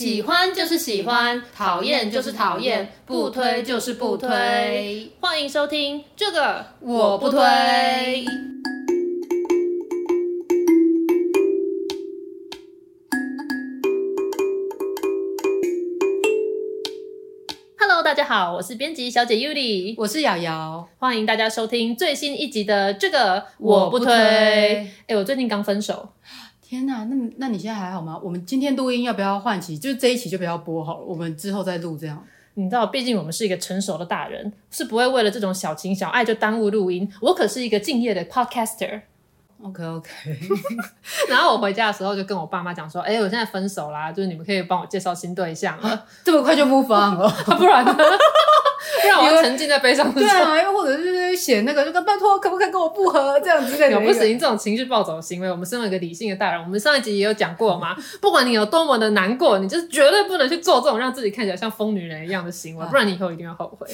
喜歡就是喜歡，討厭就是討厭，討厭不推就是不推。歡迎收聽《這個我不推》不推。Hello，大家好，我是編輯小姐 Yuli，我是瑤瑤，歡迎大家收聽最新一集的《這個我不推》不推。哎、欸，我最近剛分手。天吶，啊，那那你現在還好嗎？我們今天錄音要不要換期？就是這一期就不要播好了，我們之後再錄這樣。你知道，畢竟我們是一個成熟的大人，是不會為了這種小情小愛就耽誤錄音。我可是一個敬業的 podcaster。OK OK， 然後我回家的時候就跟我爸媽講說：“哎、欸，我現在分手啦、啊，就是你們可以幫我介紹新對象啊。」這麼快就 move on 了、 啊，不然不然我要沉浸在悲傷之中啊！又或者就是寫那個，就跟拜托，可不可以跟我複合這樣子感覺。有不適應這種情緒暴走的行為，我們身為一個理性的大人，我們上一集也有講過嘛。不管你有多麼的難過，你就是絕對不能去做這種讓自己看起來像瘋女人一樣的行為，啊、不然你以後一定要後悔。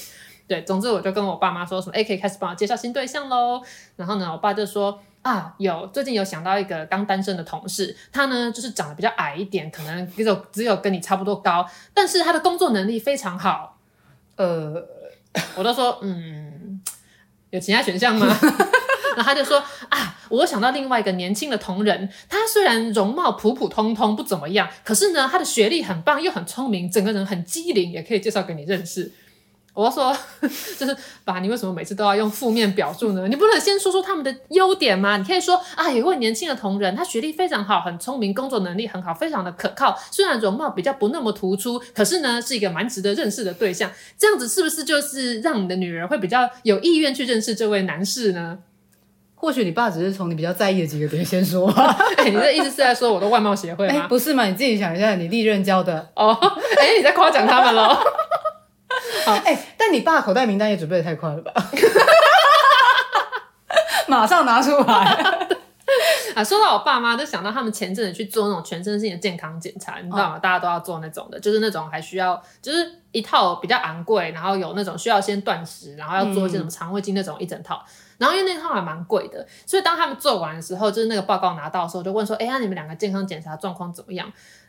對，總之我就跟我爸媽說什麼：“哎、欸，可以開始幫我介紹新對象嘍。”然後呢，我爸就說。啊，有最近有想到一個剛單身的同事，他呢就是長得比較矮一點，可能只有只有跟你差不多高，但是他的工作能力非常好。呃，我都說嗯，有其他選項嗎？ 然後他就說啊，我想到另外一個年輕的同仁，他雖然容貌普普通通不怎麼樣，可是呢他的學歷很棒又很聰明，整個人很機靈，也可以介紹給你認識。我說，就是爸，你為什麼每次都要用負面表述呢？你不能先說說他們的優點嗎？你可以說，啊、哎，有一位年輕的同仁，他學歷非常好，很聰明，工作能力很好，非常的可靠。雖然容貌比較不那麼突出，可是呢，是一個蠻值得認識的對象。這樣子是不是就是讓你的女兒會比較有意願去認識這位男士呢？或許你爸只是從你比較在意的幾個點先說、 哎。你的意思是在說我的外貌協會嗎、哎？不是嗎？你自己想一下，你歷任交的哦。Oh, 哎，你在誇獎他們咯。 好欸、但你爸口袋名單也準備得太快了吧？ 馬上拿出來。 啊，說到我爸媽，就想到他們前陣子去做那種全身性的健康檢查，你知道嗎？哦、大家都要做那種的，就是那種還需要，就是一套比較昂貴，然後有那種需要先斷食，然後要做一些什麼腸胃鏡那種一整套。嗯、然後因為那套還蠻貴的，所以當他們做完的時候，就是那個報告拿到的時候，就問說：“哎、欸、呀，那你們兩個健康檢查狀況怎麼樣？”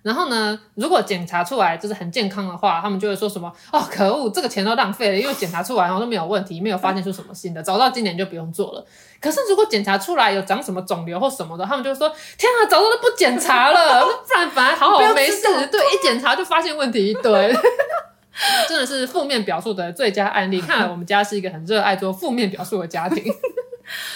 然後呢，如果檢查出來就是很健康的話，他們就會說什麼哦，可惡，這個錢都浪費了，因為檢查出來然後都沒有問題，沒有發現出什麼新的，早知道今年就不用做了。可是如果檢查出來有長什麼腫瘤或什麼的，他們就說天啊，早知道都不檢查了， 而不然反正好好不，沒事。我對，一檢查就發現問題，對， 真的是負面表述的最佳案例。 看來我們家是一個很熱愛做負面表述的家庭。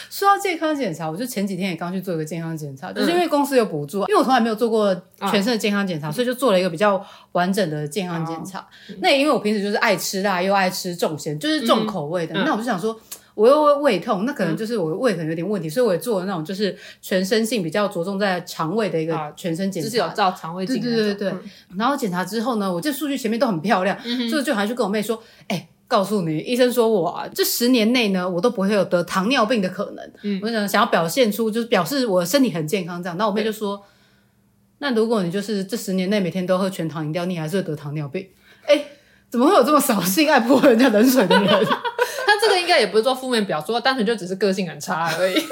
說到健康檢查，我就前幾天也剛去做一個健康檢查，嗯、就是因為公司有補助，因為我從來沒有做過全身的健康檢查，啊、所以就做了一個比較完整的健康檢查。啊、那也因為我平時就是愛吃辣又愛吃重鹹，就是重口味的，嗯、那我就想說我又會胃痛，嗯、那可能就是我胃可能有點問題，嗯、所以我也做了那種就是全身性比較着重在腸胃的一個全身檢查，就是、啊、有照腸胃鏡。對對對對。嗯、然後檢查之後呢，我這數據前面都很漂亮，嗯、哼所以就好像去跟我妹說，哎、欸。告訴你，醫生說我啊，這十年內呢，我都不會有得糖尿病的可能。嗯，我想想要表現出就是表示我身體很健康這樣。那我妹就說：“對那如果你就是這十年內每天都喝全糖飲料，你還是會得糖尿病。”哎，怎麼會有這麼掃興、愛潑人家冷水的人？ 他這個應該也不是做負面表述，單純就只是個性很差而已。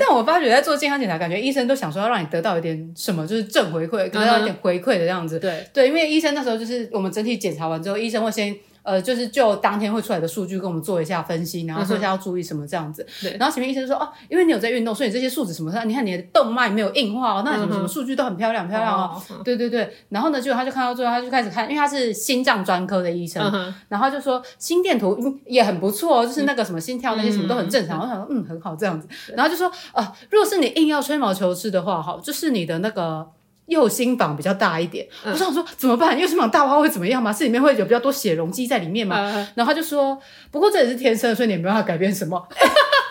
但我發覺在做健康檢查，感覺醫生都想說要讓你得到一點什麼，就是正回饋，得到一點回饋的這樣子。嗯、哼對對，因為醫生那時候就是我們整體檢查完之後，醫生會先。呃，就是就當天會出來的數據跟我們做一下分析，然後說一下要注意什麼這樣子。對、uh。Huh. 然後前面醫生說哦、啊，因為你有在運動，所以你這些數字什麼、啊，你看你的動脈沒有硬化哦，那什麼什麼數據都很漂亮很漂亮哦。Uh huh. oh, oh, oh. 對對對。然後呢，結果他就看到最後，他就開始看，因為他是心臟專科的醫生，uh huh. 然後就說心電圖也很不錯哦，就是那個什麼心跳那些什麼都很正常。我想、uh huh. 說，嗯，很好這樣子。嗯嗯、然後就說，呃、啊，如果是你硬要吹毛求疵的話，哈，就是你的那個。右心房比較大一點，嗯、我想說怎麼辦？右心房大的話會怎麼樣嗎？是裡面會有比較多血容積在裡面嗎？嗯嗯，然後他就說，不過這也是天生的，所以你也沒有辦法改變什麼。嗯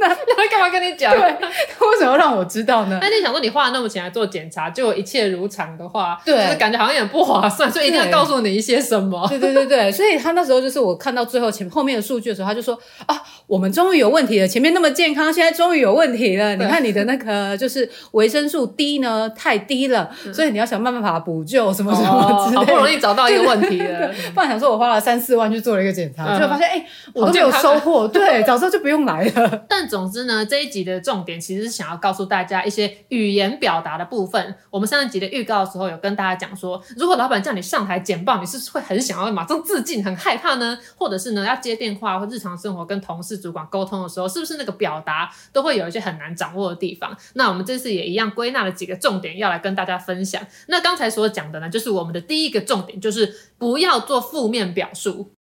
那他幹嘛跟你講？他為什麼要讓我知道呢？那你想說你花了那麼錢來做檢查，結果一切如常的話，對，就是感覺好像有點不划算，所以一定要告訴你一些什麼？對對對對，所以他那時候就是我看到最後前後面的數據的時候，他就說啊，我們終於有問題了，前面那麼健康，現在終於有問題了。你看你的那個就是維生素 D 呢太低了，所以你要想辦法補救什麼什麼之類，好不容易找到一個問題了。不然想說我花了三四萬去做了一個檢查，結果發現哎，我都沒有收穫，對，早知道就不用來了，但。總之呢，這一集的重點其實是想要告訴大家一些語言表達的部分。我們上一集的預告的時候有跟大家講說，如果老板叫你上台簡報，你是不是會很想要馬上自盡，很害怕呢？或者是呢，要接電話或日常生活跟同事主管溝通的時候，是不是那個表達都會有一些很難掌握的地方？那我們這次也一樣歸納了幾個重點要來跟大家分享。那剛才所講的呢，就是我們的第一個重點，就是不要做負面表述。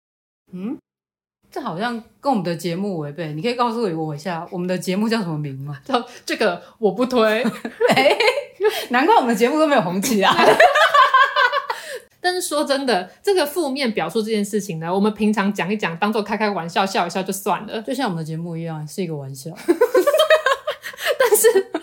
嗯。這好像跟我們的節目違背，你可以告訴我一下我們的節目叫什麼名嗎？叫這個我不推， 欸？ 難怪我們的節目都沒有紅起來啊。 但是說真的，這個負面表述這件事情呢，我們平常講一講，當做開開玩笑，笑一笑就算了。就像我們的節目一樣，是一個玩笑。 但是。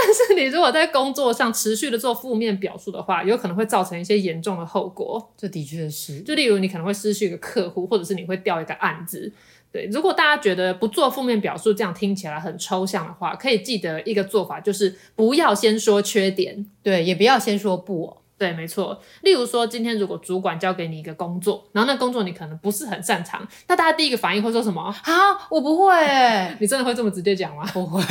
但是你如果在工作上持續的做負面表述的話，有可能會造成一些嚴重的後果。這的確是，就例如你可能會失去一個客戶，或者是你會掉一個案子。對，如果大家覺得不做負面表述這樣聽起來很抽象的話，可以記得一個做法就是不要先說缺點，對，也不要先說不哦，對，沒錯。例如說，今天如果主管交給你一個工作，然後那工作你可能不是很擅長，那大家第一個反應會說什麼？啊，我不會。 你真的會這麼直接講嗎？不會。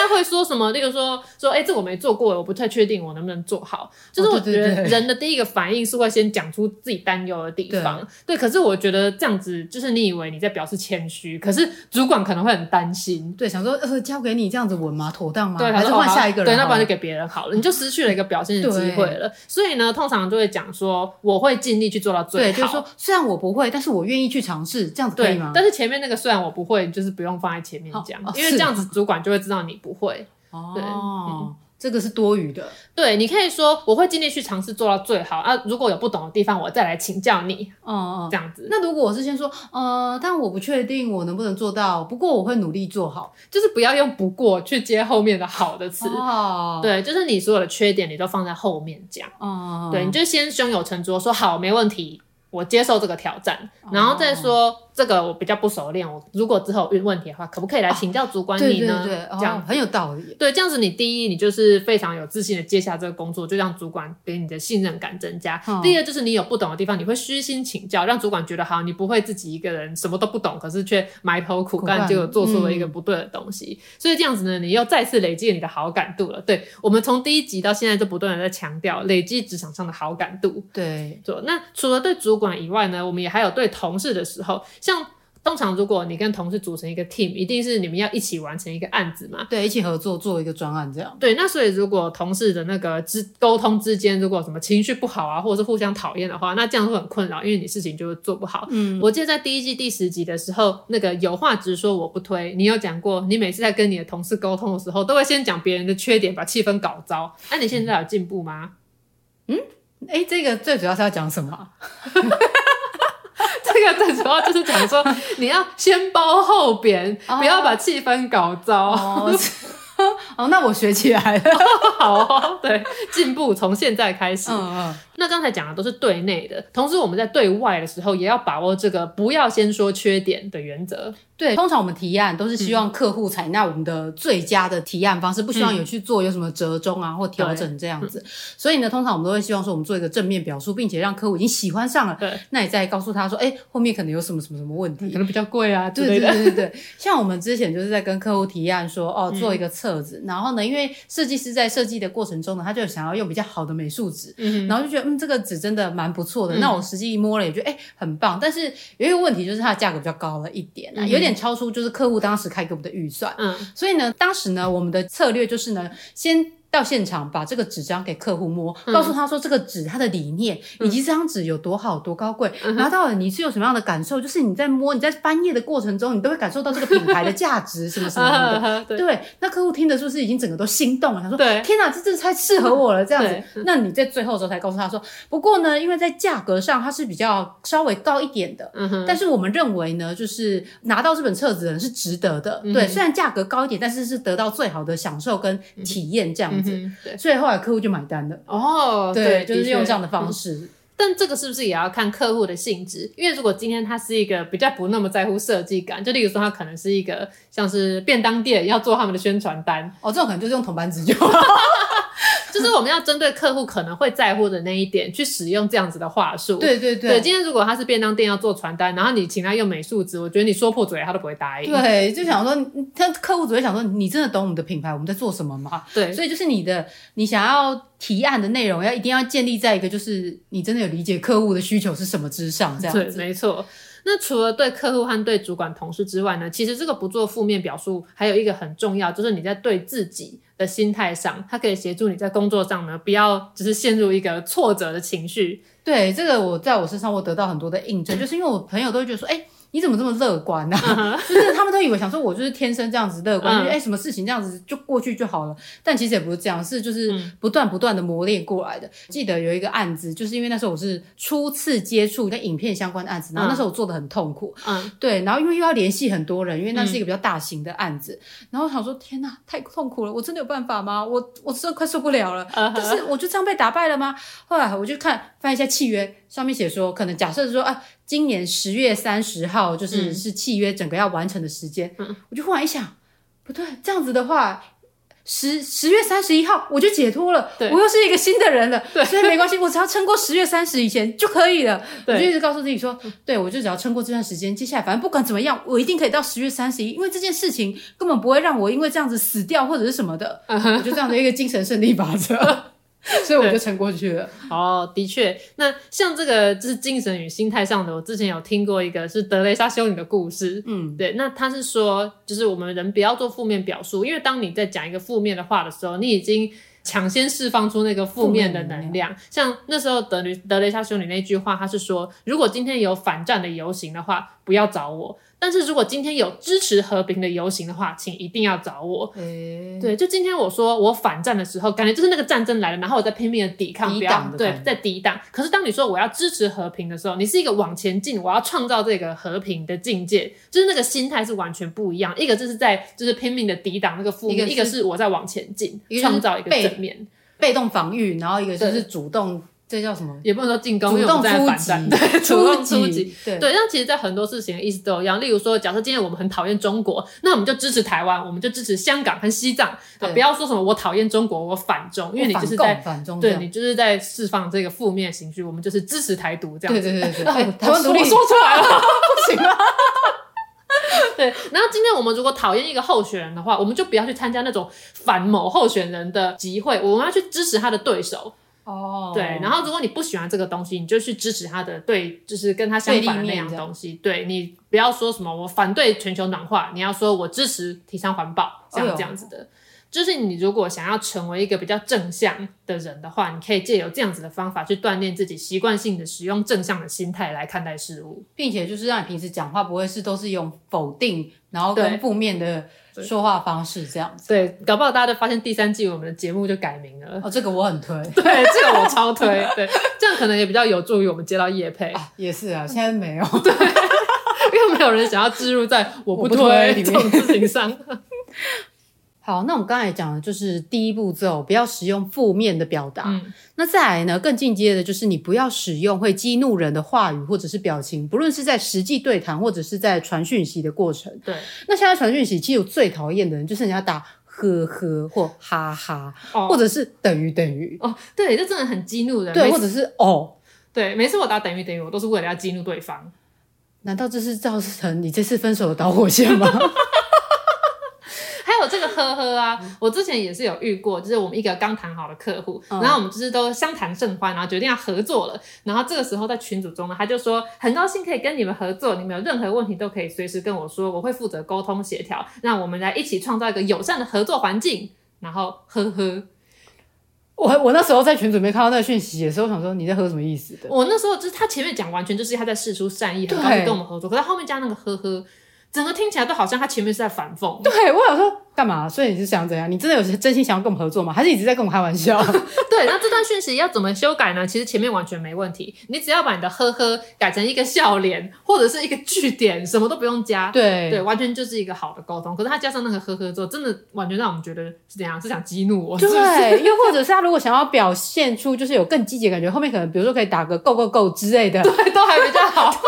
他會說什麼？例如說，說，哎、欸，這我沒做過，我不太確定我能不能做好。就是我覺得人的第一個反應是會先講出自己擔憂的地方。對，對，對，對，對，可是我覺得這樣子，就是你以為你在表示謙虛，對可是主管可能會很擔心。對，想說呃，交給你這樣子穩嗎？妥當嗎？對，還是換下一個人？對，那不然就給別人好了， 你就失去了一個表現的機會了。對所以呢，通常就會講說，我會盡力去做到最好。對，就是說雖然我不會，但是我願意去嘗試，這樣子可以嗎對？但是前面那個雖然我不會，就是不用放在前面講，好因為這樣子主管就會知道你不。不會、哦、對，嗯、這個是多餘的。對，你可以說，我會盡力去嘗試做到最好啊。如果有不懂的地方，我再來請教你。哦、嗯、這樣子。嗯、那如果我是先說，呃，但我不確定我能不能做到，不過我會努力做好。就是不要用“不過”去接後面的好的詞。哦、對，就是你所有的缺點，你都放在後面講。哦、嗯，對，你就先胸有成竹說好，沒問題，我接受這個挑戰，然後再說。哦這個我比較不熟練，我如果之後遇問題的話，可不可以來請教主管你呢？哦，對對對，哦、這樣很有道理。對，這樣子你第一，你就是非常有自信的接下這個工作，就讓主管給你的信任感增加；哦、第二，就是你有不懂的地方，你會虛心請教，讓主管覺得好，你不會自己一個人什麼都不懂，可是卻埋頭苦幹，苦幹就有做出了一個不對的東西。嗯、所以這樣子呢，你又再次累積了你的好感度了。對，我們從第一集到現在就不斷的在強調累積職場上的好感度。對，做，那除了對主管以外呢，我們也還有對同事的時候。像通常，如果你跟同事組成一個 team，一定是你們要一起完成一個案子嘛？對，一起合作做一個專案這樣。對，那所以如果同事的那個之溝通之間，如果什麼情緒不好啊，或者是互相討厭的話，那這樣就很困擾，因為你事情就做不好。嗯，我記得在第一季第十集的時候，那個有話直說，我不推。你有講過，你每次在跟你的同事溝通的時候，都會先講別人的缺點，把氣氛搞糟。那、啊、你現在有進步嗎？嗯、欸，這個最主要是要講什麼？ 這個最主要就是講說， 你要先褒後貶，小聲不要把氣氛搞糟。哦。好， 哦，那我學起來了， 好哦，對，進步從現在開始。哦嗯，那剛才講的都是對內的，同時我們在對外的時候，也要把握這個不要先說缺點的原則。對，通常我們提案都是希望客戶採納我們的最佳的提案方式，嗯、不希望有去做有什麼折中啊或調整這樣子。嗯、所以呢，通常我們都會希望說，我們做一個正面表述，並且讓客戶已經喜歡上了，對那你再告訴他說，哎、欸，後面可能有什麼什麼什麼問題，可能比較貴啊之類的，對對對對對，像我們之前就是在跟客戶提案說，哦，做一個冊子，嗯、然後呢，因為設計師在設計的過程中呢，他就想要用比較好的美術紙，嗯、然後就覺得，嗯，這個紙真的蠻不錯的，嗯、那我實際一摸了也覺得，哎、欸，很棒。但是有一個問題就是它的價格比較高了一點，啊，有點。超出就是客戶當時開給我們的預算，嗯，所以呢，當時呢，我們的策略就是呢，先。到現場，把這個紙張給客戶摸，告訴他說這個紙它的理念以及這張紙有多好、有多高貴，嗯、哼拿到了你是有什麼樣的感受？就是你在摸、你在翻頁的過程中，你都會感受到這個品牌的價值什麼什麼的。 對，那客戶聽的是不是已經整個都心動了？他說對天哪、啊，這這太適合我了這樣子。對那你在最後的時候才告訴他說，不過呢，因為在價格上它是比較稍微高一點的，嗯、哼但是我們認為呢，就是拿到這本冊子的人是值得的。嗯、哼對，雖然價格高一點，但是是得到最好的享受跟體驗這樣。嗯嗯、對所以後來客戶就買單了哦，對，就是用這樣的方式、嗯。但這個是不是也要看客戶的性質？因為如果今天他是一個比較不那麼在乎設計感，就例如說他可能是一個像是便當店，要做他們的宣傳單哦，這種可能就是用銅版紙就。 就是我們要針對客戶可能會在乎的那一點去使用這樣子的話術。對對對，對。今天如果他是便當店要做傳單，然後你請他用美術紙，我覺得你說破嘴他都不會答應。對，就想說、嗯、他客戶只會想說，你真的懂我們的品牌，我們在做什麼嗎？對，所以就是你的你想要提案的內容，要一定要建立在一個就是你真的有理解客戶的需求是什麼之上，這樣子對沒錯。那除了對客戶和對主管同事之外呢，其實這個不做負面表述，還有一個很重要，就是你在對自己的心態上，它可以協助你在工作上呢，不要只是陷入一個挫折的情緒。對，這個我在我身上我得到很多的印證，就是因為我朋友都會覺得說，誒、。你怎麼這麼樂觀呢、啊？Uh huh. 就是他們都以為想說我就是天生這樣子樂觀，誒、uh huh. 什麼事情這樣子就過去就好了。Uh huh. 但其實也不是這樣，是就是不斷不斷的磨練過來的。Uh huh. 記得有一個案子，就是因為那時候我是初次接觸跟影片相關的案子，然後那時候我做的很痛苦。嗯、uh，huh. uh huh. 對，然後因為又要聯繫很多人，因為那是一個比較大型的案子，uh huh. 然後我想說天哪、啊，太痛苦了，我真的有辦法嗎？我我真的快受不了了，就、uh huh. 是我就這樣被打敗了嗎？後來我就看翻一下契約。上面寫說，可能假設是說，啊，今年十月三十號就是、嗯、是契約整個要完成的時間，嗯、我就忽然一想，不對，這樣子的話，十十月三十一號我就解脫了，對我又是一個新的人了，對所以沒關係，我只要撐過十月三十以前就可以了。對我就一直告訴自己說，對我就只要撐過這段時間，接下來反正不管怎麼樣，我一定可以到十月三十一，因為這件事情根本不會讓我因為這樣子死掉或者是什麼的，uh huh、我就這樣的一個精神勝利法則。 所以我就沉過去了。哦，的確，那像這個就是精神與心態上的。我之前有聽過一個是德雷莎修女的故事。嗯，對，那她是說，就是我們人不要做負面表述，因為當你在講一個負面的話的時候，你已經搶先釋放出那個負面的能量。嗯嗯、像那時候德雷德雷莎修女那句話，她是說，如果今天有反戰的遊行的話，不要找我。但是如果今天有支持和平的遊行的話，請一定要找我。欸、對，就今天我說我反戰的時候，感覺就是那個戰爭來了，然後我在拼命的抵抗，抵抗的，不要，對，在抵擋。可是當你說我要支持和平的時候，你是一個往前進，我要創造這個和平的境界，就是那個心態是完全不一樣。嗯、一個就是在就是拼命的抵擋那個負面，一個，一個是我在往前進，創造一個正面。被動防御，然後一個就是主動。這叫什麼？也不能說進攻，沒有在反戰。對，主動出擊。對，那其實，在很多事情意思都一樣。例如說，假設今天我們很討厭中國，那我們就支持台灣，我們就支持香港和西藏。不要說什麼我討厭中國，我反中，因為你就是在，對，你就是在釋放這個負面情緒。我們就是支持台獨這樣。對對對對。台獨說出來了，不行嗎？對。然後，今天我們如果討厭一個候選人的話，我們就不要去參加那種反某候選人的集會，我們要去支持他的對手。哦，oh. 對，然後如果你不喜歡這個東西，你就去支持他的，對，就是跟他相反的那樣東西，對，對你不要說什麼我反對全球暖化，你要說我支持提倡環保，oh. 這樣這樣子的。就是你如果想要成為一個比較正向的人的話，你可以借由這樣子的方法去鍛鍊自己，習慣性的使用正向的心態來看待事物，並且就是讓你平時講話不會是都是用否定，然後跟負面的說話方式這樣子，對對。對，搞不好大家都發現第三季我們的節目就改名了。哦，這個我很推，對，這個我超推， 對，這樣可能也比較有助於我們接到業配，啊。也是啊，現在沒有， 對，因為沒有人想要置入在我不推這種事情上。啊 好，那我們剛才講的就是第一步驟，不要使用負面的表達。嗯，那再來呢，更進階的就是你不要使用會激怒人的話語或者是表情，不論是在實際對談或者是在傳訊息的過程。對。那現在傳訊息，其實我最討厭的人就是人家打呵呵或哈哈，哦、或者是等於等於。哦，對，這真的很激怒人。對，沒，或者是哦，對，每次我打等於等於，我都是為了要激怒對方。難道這是造成你這次分手的導火線嗎？ 還有這個呵呵啊，我之前也是有遇過，就是我們一個剛談好的客戶，嗯、然後我們就是都相談甚歡，然後決定要合作了，然後這個時候在群組中呢，他就說很高興可以跟你們合作，你們有任何問題都可以隨時跟我說，我會負責溝通協調，讓我們來一起創造一個友善的合作環境。然後呵呵，我我那時候在群組沒看到那個訊息的時候，我想說你在喝什麼意思的。我那時候就是他前面講完全就是他在釋出善意，然後跟我們合作，對可是後面加那個呵呵。整個聽起來都好像他前面是在反諷，對，我想說，幹嘛？所以你是想怎樣？你真的有真心想要跟我們合作嗎？還是一直在跟我們開玩笑？ 對，那這段訊息要怎麼修改呢？其實前面完全沒問題，你只要把你的呵呵改成一個笑臉或者是一個句點，什麼都不用加。對對，完全就是一個好的溝通。可是他加上那個呵呵之後，真的完全讓我們覺得是怎樣？是想激怒我？是不是？對，又或者是他如果想要表現出就是有更積極的感覺， 後面可能比如說可以打個 go go go 之類的，對，都還比較好。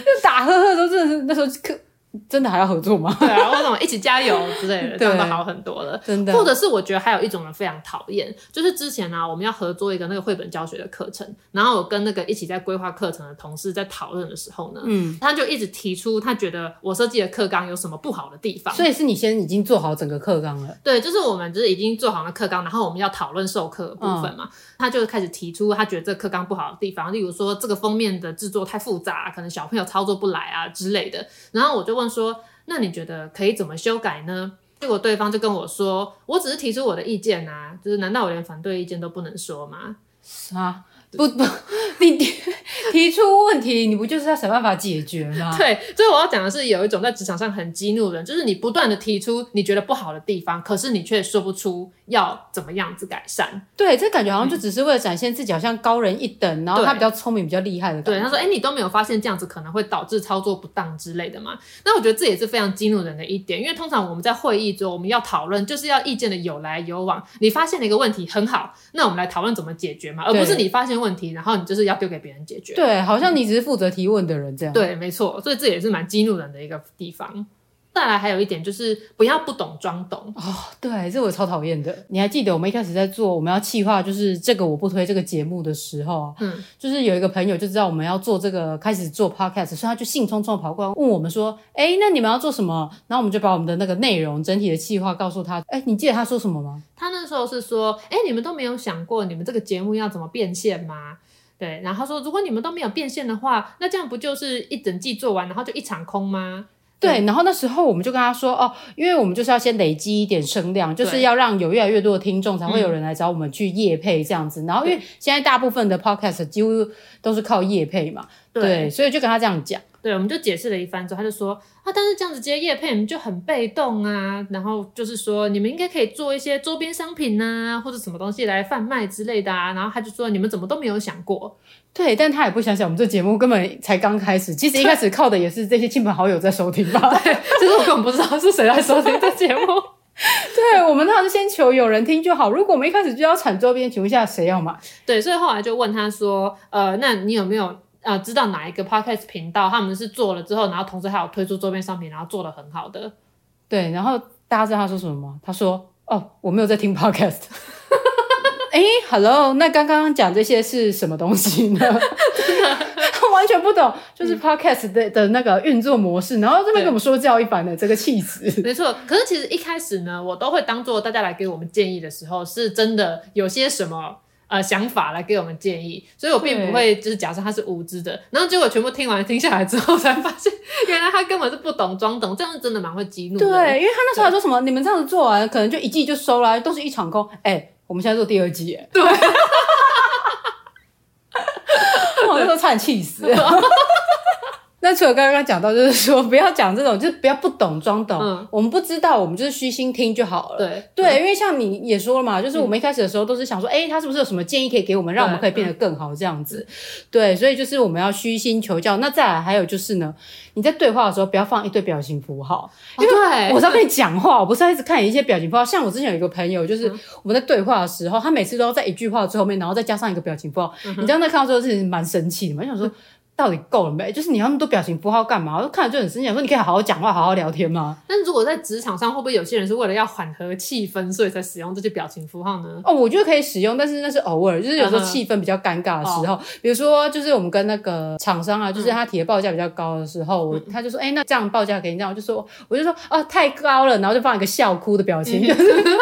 就 打呵呵都真的是那時候可。真的還要合作嗎？ 對啊，為什麼一起加油之類的， 對這樣都好很多了。真的，或者是我覺得還有一種人非常討厭，就是之前呢、啊，我們要合作一個那個繪本教學的課程，然後我跟那個一起在規劃課程的同事在討論的時候呢，嗯，他就一直提出他覺得我設計的課綱有什麼不好的地方。所以是你先已經做好整個課綱了？對，就是我們就是已經做好了課綱，然後我們要討論授課部分嘛。嗯、他就開始提出他覺得這課綱不好的地方，例如說這個封面的制作太複雜、啊，可能小朋友操作不來啊之類的。然後我就問。說，那你覺得可以怎麼修改呢？結果對方就跟我說，我只是提出我的意見啊，就是難道我連反對意見都不能說嗎？是啊。不不，你提出問題，你不就是要想辦法解決嗎？ 對，所以我要講的是，有一種在職場上很激怒人，就是你不斷的提出你覺得不好的地方，可是你卻說不出要怎麼樣子改善。對，這感覺好像就只是為了展現自己好像高人一等，嗯、然後他比較聰明、對比較厲害的感覺。對，他說：“哎、欸，你都沒有發現這樣子可能會導致操作不當之類的嘛。那我覺得這也是非常激怒人的一點，因為通常我們在會議中我們要討論，就是要意見的有來有往。你發現了一個問題，很好，那我們來討論怎麼解決嘛，而不是你發現。問題，然後你就是要丟給別人解決。對，好像你只是負責提問的人這樣，嗯。對，沒錯，所以這也是蠻激怒人的一個地方。再來還有一點就是不要不懂裝懂哦，對，這我超討厭的。你還記得我們一開始在做我們要企劃，就是這個我不推這個節目的時候嗯，就是有一個朋友就知道我們要做這個，開始做 podcast，所以他就興沖沖跑過來問我們說：“誒、欸，那你們要做什麼？”然後我們就把我們的那個內容整體的企劃告訴他。誒、欸，你記得他說什麼嗎？他那時候是說：“誒、欸，你們都沒有想過你們這個節目要怎麼變現嗎？”對，然後他說：“如果你們都沒有變現的話，那這樣不就是一整季做完，然後就一場空嗎？”對，嗯、然後那時候我們就跟他說哦，因為我們就是要先累積一點聲量，就是要讓有越來越多的聽眾才會有人來找我們去業配這樣子。嗯、然後因為現在大部分的 podcast 幾乎都是靠業配嘛，對，對，所以就跟他這樣講。對，我們就解釋了一番之後，他就說啊，但是這樣子接業配你們就很被動啊，然後就是說你們應該可以做一些周邊商品吶、啊，或者什麼東西來販賣之類的啊。然後他就說你們怎麼都沒有想過。對，但他也不想想，我們這節目根本才剛開始。其實一開始靠的也是這些親朋好友在收聽吧，就對 是我根本不知道是誰在收聽這節目。 對，我們倒是先求有人聽就好。如果我們一開始就要產周邊，請問一下誰要買，嗯？對，所以後來就問他說：“呃，那你有沒有啊、呃、知道哪一個 podcast 頻道？他們是做了之後，然後同時還有推出周邊商品，然後做得很好的？對，然後大家知道他說什麼嗎？他說：哦，我沒有在聽 podcast。”哎、欸，Hello，那剛剛講這些是什麼東西呢？ 真的、啊、 完全不懂，就是 Podcast 的的那個運作模式。嗯、然後這邊跟我們說教一番的，這個氣質沒錯，可是其實一開始呢，我都會當做大家來給我們建議的時候，是真的有些什麼呃想法來給我們建議，所以我並不會就是假設他是無知的。對然後結果全部聽完聽下來之後，才發現原來他根本是不懂裝懂，這樣真的蠻會激怒的。對，因為他那時候還說什麼，對你們這樣子做完，可能就一季就收了、啊，都是一場空。哎、欸。我們現在做第二季。對，我 那時候差點氣死了。對 那除了剛剛講到，就是說不要講這種，就是不要不懂裝懂。嗯，我們不知道，我們就是虛心聽就好了。對對，因為像你也說了嘛，就是我們一開始的時候都是想說，誒、嗯，欸，他是不是有什麼建議可以給我們，讓我們可以變得更好這樣子。對，對，對，所以就是我們要虛心求教。那再來還有就是呢，你在對話的時候不要放一堆表情符號，啊、因為我在跟你講話，是我不是要一直看你一些表情符號。像我之前有一個朋友，就是我們在對話的時候，他每次都要在一句話的後面，然後再加上一個表情符號。嗯、哼你知道那看到的時候是蠻神奇的，我想說。嗯到底夠了沒？就是你要那麼多表情符號幹嘛？我就看了就很生氣，我說你可以好好講話、好好聊天嗎？但如果在職場上，會不會有些人是為了要緩和氣氛，所以才使用這些表情符號呢？哦，我覺得可以使用，但是那是偶爾，就是有時候氣氛比較尷尬的時候，嗯哦、比如說就是我們跟那個廠商啊，就是他提的報價比較高的時候，嗯、我他就說，哎、欸，那這樣報價給你，這樣我就說，我就說，哦，太高了，然後就放一個笑哭的表情。嗯、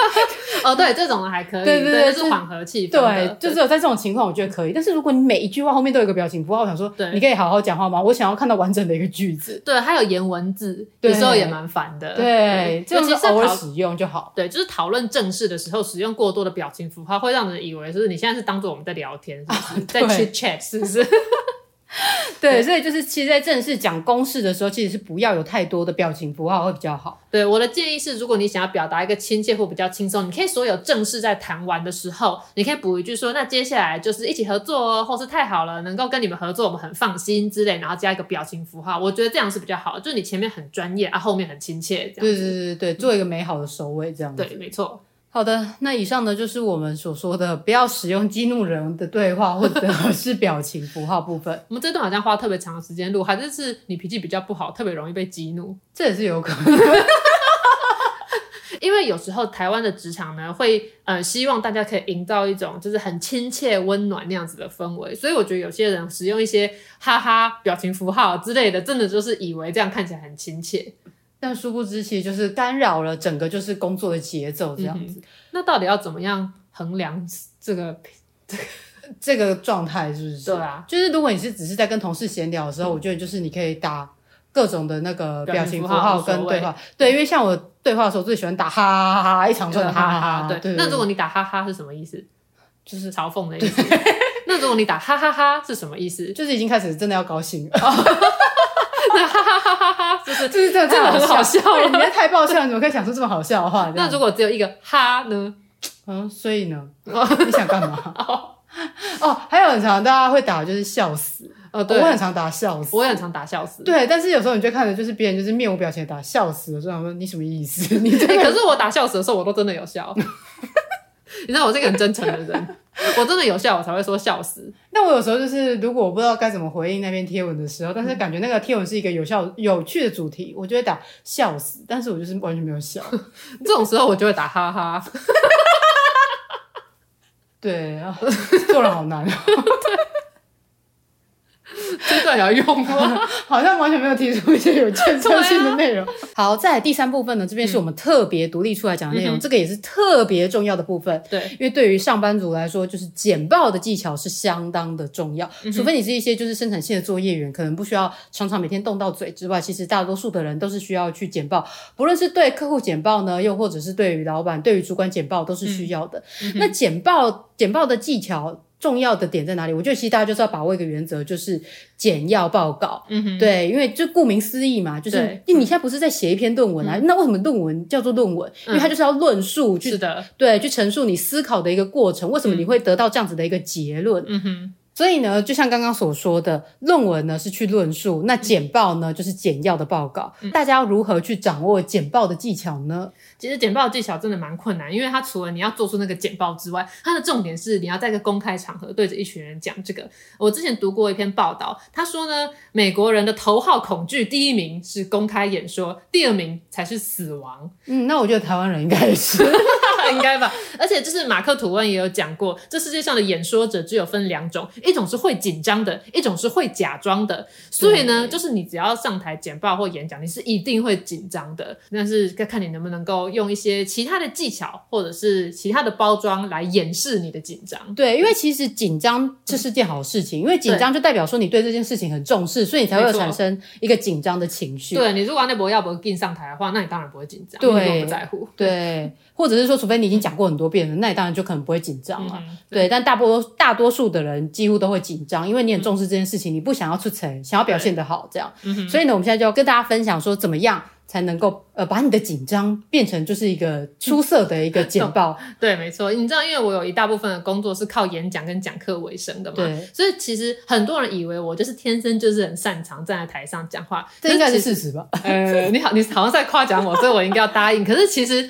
哦，對，這種的還可以，對，對對對，對是緩和氣氛。對，就是有在這種情況，我覺得可以。嗯、但是如果你每一句話後面都有一個表情符號，我想說，對。你可以好好講話嗎？我想要看到完整的一個句子。對，還有顏文字，有對時候也蠻煩的。對，對這其實偶爾使用就好。對，就是討論正事的時候，使用過多的表情符號會讓人以為就是你現在是當做我們在聊天，是，是、啊、在 chit chat 是不是？ 對，所以就是，其實，在正式講公式的時候，其實是不要有太多的表情符號會比較好。對，我的建議是，如果你想要表達一個親切或比較輕鬆，你可以所有正式在談完的時候，你可以補一句說：“那接下來就是一起合作哦，或是太好了，能夠跟你們合作，我們很放心之類。”然後加一個表情符號，我覺得這樣是比較好的，就是你前面很專業啊，後面很親切，這樣子。對對對對，做一個美好的收尾，這樣子、嗯、對，沒錯。好的，那以上呢，就是我們所說的不要使用激怒人的對話或者是表情符號部分。 我們這段好像花特別長的時間錄，還是是你脾氣比較不好，特別容易被激怒，這也是有可能的。 因為有時候台灣的職場呢，會呃希望大家可以營造一種就是很親切溫暖那樣子的氛圍，所以我覺得有些人使用一些哈哈表情符號之類的，真的就是以為這樣看起來很親切。但殊不知，其實就是干擾了整個就是工作的節奏這樣子，嗯嗯。那到底要怎麼樣衡量這個這個 這個狀態，是不是？對啊。就是如果你是只是在跟同事閒聊的時候，嗯、我覺得就是你可以打各種的那個表情符號跟對話。對，因為像我對話的時候，我最喜歡打哈哈哈一長串哈哈哈。對對，對，對對。那如果你打哈哈是什麼意思？就是嘲諷的意思。對笑 那如果你打哈，哈哈哈是什麼意思？就是已經開始真的要高興了。 哈哈哈哈哈！就是這是真的真的很好笑，你太爆笑了，怎麼可以想出這麼好笑的話？那如果只有一個哈呢？嗯，所以呢，你想幹嘛？哦，還有很常，大家會打就是笑死，我會很常打笑死，我也很常打笑死。對，但是有時候你就看着就是別人就是面無表情打笑死，就想說你什麼意思？你可是我打笑死的時候，我都真的有笑。你知道我是一個很真誠的人， 我真的有笑我才會說笑死。那我有時候就是，如果我不知道該怎麼回應那篇貼文的時候，但是感覺那個貼文是一個有效有趣的主題，我就會打笑死。但是我就是完全沒有笑， 這種時候我就會打哈哈。 對，做人好難喔。 對段也要用、啊？過， 好像完全沒有提出一些有建設性的內容。啊、好，再來第三部分呢，這邊是我們特別獨立出來講的內容，嗯、這個也是特別重要的部分。對、嗯哼，因為對於上班族來說，就是簡報的技巧是相當的重要。嗯、哼除非你是一些就是生產線的作業員，可能不需要常常每天動到嘴之外，其實大多數的人都是需要去簡報，不論是對客戶簡報呢，又或者是對於老闆、對於主管簡報，都是需要的。嗯嗯、那簡報、簡報的技巧。重要的點在哪裡？我覺得其實大家就是要把握一個原則，就是簡要報告。嗯哼，對，因為就顧名思義嘛，就是對你現在不是在寫一篇論文啊？嗯、那為什麼論文叫做論文？嗯、因為它就是要論述去，去是的對，去陳述你思考的一個過程，為什麼你會得到這樣子的一個結論？嗯哼。所以呢，就像剛剛所說的，論文呢是去論述，那簡報呢，嗯、就是簡要的報告。嗯、大家要如何去掌握簡報的技巧呢？其實簡報的技巧真的蠻困難，因為它除了你要做出那個簡報之外，它的重點是你要在一個公開場合對着一群人講這個。我之前讀過一篇報道，他說呢，美國人的頭號恐懼，第一名是公開演說，第二名才是死亡。嗯，那我覺得台灣人應該也是。 應該吧，而且就是馬克吐溫也有講過，這世界上的演說者只有分兩種，一種是會緊張的，一種是會假裝的。所以呢，對對對就是你只要上台簡報或演講，你是一定會緊張的。但是看看你能不能夠用一些其他的技巧或者是其他的包裝來掩飾你的緊張。對，因為其實緊張這是件好事情，嗯、因為緊張就代表說你對這件事情很重視，對所以你才會產生一個緊張的情緒。對，你如果那博要不要進上台的話，那你當然不會緊張，對都不在乎。對。對或者是說，除非你已經講過很多遍了，那你當然就可能不會緊張了。對，但大多大多數的人幾乎都會緊張，因為你很重視這件事情，你不想要出醜，想要表現得好，這樣。所以呢，我們現在就要跟大家分享說，怎麼樣才能夠呃把你的緊張變成就是一個出色的一個簡報。對，沒錯。你知道，因為我有一大部分的工作是靠演講跟講課為生的嘛。對。所以其實很多人以為我就是天生就是很擅長站在台上講話，這應該是事實吧？呃，你好，你好像在誇獎我，所以我應該要答應。可是其實。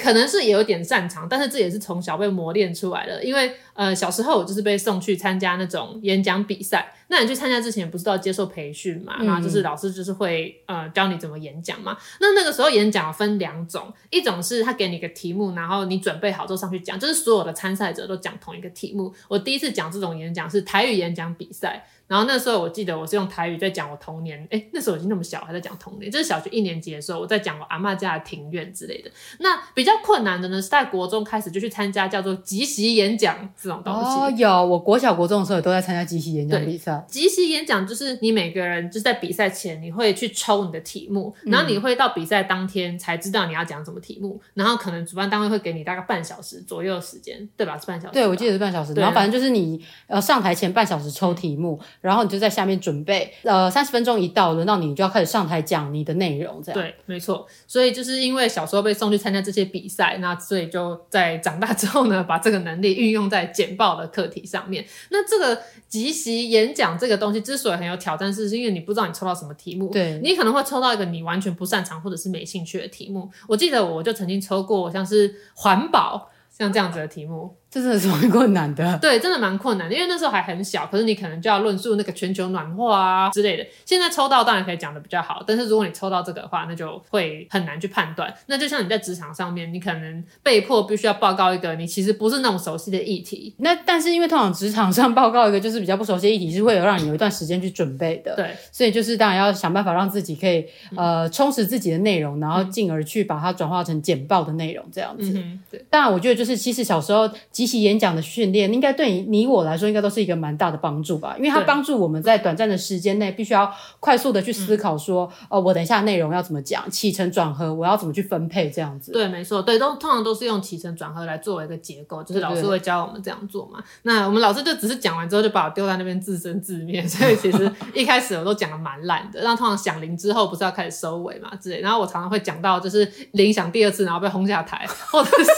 可能是也有點擅長，但是這也是從小被磨練出來的，因為。呃，小時候我就是被送去參加那種演講比賽。那你去參加之前不是都要接受培訓嘛？嗯、然後就是老師就是會呃教你怎麼演講嘛。那那個時候演講分兩種，一種是他給你個題目，然後你準備好之後上去講，就是所有的參賽者都講同一個題目。我第一次講這種演講是台語演講比賽，然後那時候我記得我是用台語在講我童年，誒、欸，那時候已經那麼小還在講童年，就是小學一年級的時候我在講我阿嬤家的庭院之類的。那比較困難的呢是在國中開始就去參加叫做即席演講。這種東西哦，有，我國小國中的時候也都在參加即席演講比賽。即席演講就是你每個人就是在比賽前，你會去抽你的題目，嗯、然後你會到比賽當天才知道你要講什麼題目，然後可能主辦單位會給你大概半小時左右的時間，對吧？是半小時。對，我記得是半小時。了然後反正就是你呃上台前半小時抽題目，嗯、然後你就在下面準備，呃三十分鐘一到，輪到你你就要開始上台講你的內容，這樣。對，沒錯。所以就是因為小時候被送去參加這些比賽，那所以就在長大之後呢，把這個能力運用在。簡報的課題上面，那這個即席演講這個東西之所以很有挑戰，是因為你不知道你抽到什麼題目。對，你可能會抽到一個你完全不擅長或者是沒興趣的題目。我記得我就曾經抽過像是環保像這樣子的題目。啊這真的是很困難的， 對，真的蠻困難的，因為那時候還很小，可是你可能就要論述那個全球暖化啊之類的。現在抽到當然可以講得比較好，但是如果你抽到這個的話，那就會很難去判斷。那就像你在職場上面，你可能被迫必須要報告一個你其實不是那種熟悉的議題。那但是因為通常職場上報告一個就是比較不熟悉的議題，是會有讓你有一段時間去準備的。 對，所以就是當然要想辦法讓自己可以呃、嗯、充實自己的內容，然後進而去把它轉化成簡報的內容這樣子。當然、嗯嗯，對但我覺得就是其實小時候。即席演講的訓練，應該對你、你我來說，應該都是一個蠻大的幫助吧？因為它幫助我們在短暫的時間內，必須要快速的去思考說，嗯、哦，我等一下內容要怎麼講，起承轉合我要怎麼去分配這樣子。對，沒錯，對，都通常都是用起承轉合來作為一個結構，就是老師會教我們這樣做嘛。對那我們老師就只是講完之後就把我丟在那邊自生自滅，所以其實一開始我都講得蠻爛的。讓 通常響鈴之後不是要開始收尾嘛？之類。然後我常常會講到就是鈴響第二次，然後被轟下台，或者是。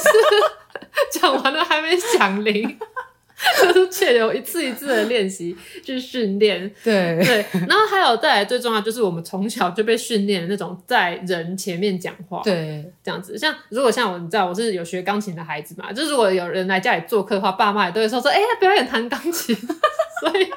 講 完了還沒響鈴，却 有一次一次的練習 去訓練。對對，然後還有再來最重要的就是我們從小就被訓練的那種在人前面講話。對，這樣子像如果像我，你知道我是有學鋼琴的孩子嘛？就是、如果有人來家裡做客的話，爸媽也都會說說，哎、欸，他表演彈鋼琴。 所以。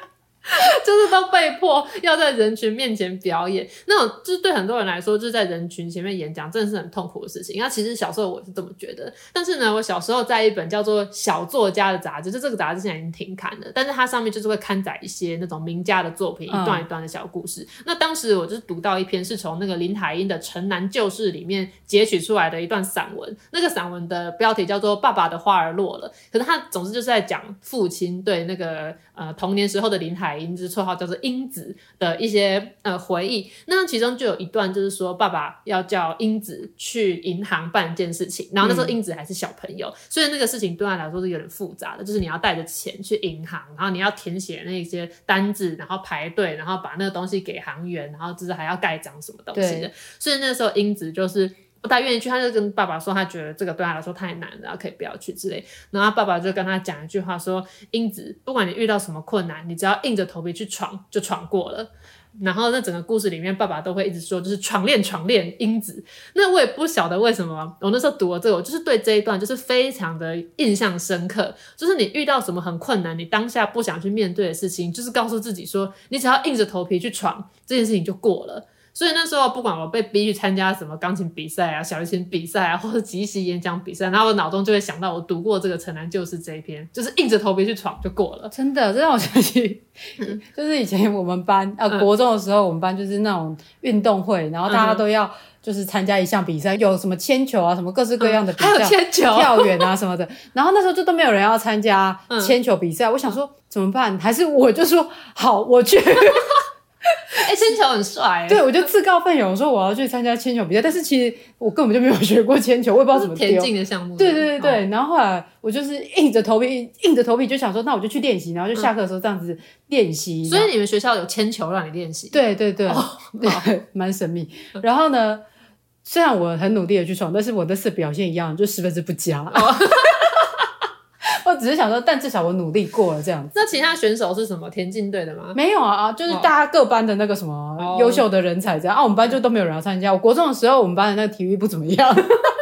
就是都被迫要在人群面前表演，那種就是對很多人來說，就是在人群前面演講真的是很痛苦的事情。那、啊、其實小時候我是這麼覺得，但是呢，我小時候在一本叫做《小作家》的雜誌，就這個雜志現在已經停刊了，但是它上面就是會刊載一些那種名家的作品，一段一段的小故事。Oh. 那當時我就是讀到一篇是從那個林海音的《城南舊事》裡面截取出來的一段散文，那個散文的標題叫做《爸爸的花兒落了》，可是它總之就是在講父親對那個呃童年時候的林海。英子綽號叫做英子的一些呃回憶，那其中就有一段，就是說爸爸要叫英子去銀行辦一件事情，然後那時候英子還是小朋友，嗯、所以那個事情對他來，來說是有點複雜的，就是你要帶着錢去銀行，然後你要填寫那些單子，然後排隊，然後把那個東西給行員，然後就是還要蓋章什麼東西的，對所以那時候英子就是。不太願意去，他就跟爸爸說，他覺得這個對他來說太難了，可以不要去之類。然後爸爸就跟他講一句話，說：“英子，不管你遇到什麼困難，你只要硬着頭皮去闖，就闖過了。”然後那整個故事裡面，爸爸都會一直說，就是“闖練，闖練，英子。”那我也不曉得為什麼，我那時候讀了這個，我就是對這一段就是非常的印象深刻。就是你遇到什麼很困難，你當下不想去面對的事情，就是告訴自己說，你只要硬着頭皮去闖，這件事情就過了。所以那時候，不管我被逼去參加什麼鋼琴比賽啊、小提琴比賽啊，或者即席演講比賽，然後我腦中就會想到，我讀過這個《城南舊事》這一篇，就是硬着頭皮去闖就過了。真的，這讓我想起，嗯、就是以前我們班啊、呃嗯、國中的時候，我們班就是那種運動會，然後大家都要就是參加一項比賽，嗯、有什麼鉛球啊，什麼各式各樣的比賽、嗯，還有鉛球、跳遠啊什麼的。嗯、然後那時候就都沒有人要參加鉛球比賽，嗯、我想說怎麼辦？還是我就說好，我去。 哎，鉛球很帥、欸，對我就自告奮勇說我要去參加鉛球比賽， 但是其實我根本就沒有學過鉛球，我也不知道什麼丟。這是田徑的項目，對對對對。哦、然後後來我就是硬着頭皮，硬着頭皮就想說，那我就去練習，然後就下課的時候這樣子練習。所以你們學校有鉛球讓你練習？對對對，哦、對，蠻神秘。然後呢，雖然我很努力的去闖，但是我的是表現一樣，就十分之不佳。哦 我只是想說，但至少我努力過了這樣子。那其他選手是什麼田徑隊的嗎？沒有啊，就是大家各班的那個什麼優秀的人才這樣、Oh. 啊。我們班就都沒有人要參加。我國中的時候，我們班的那個體育不怎麼樣。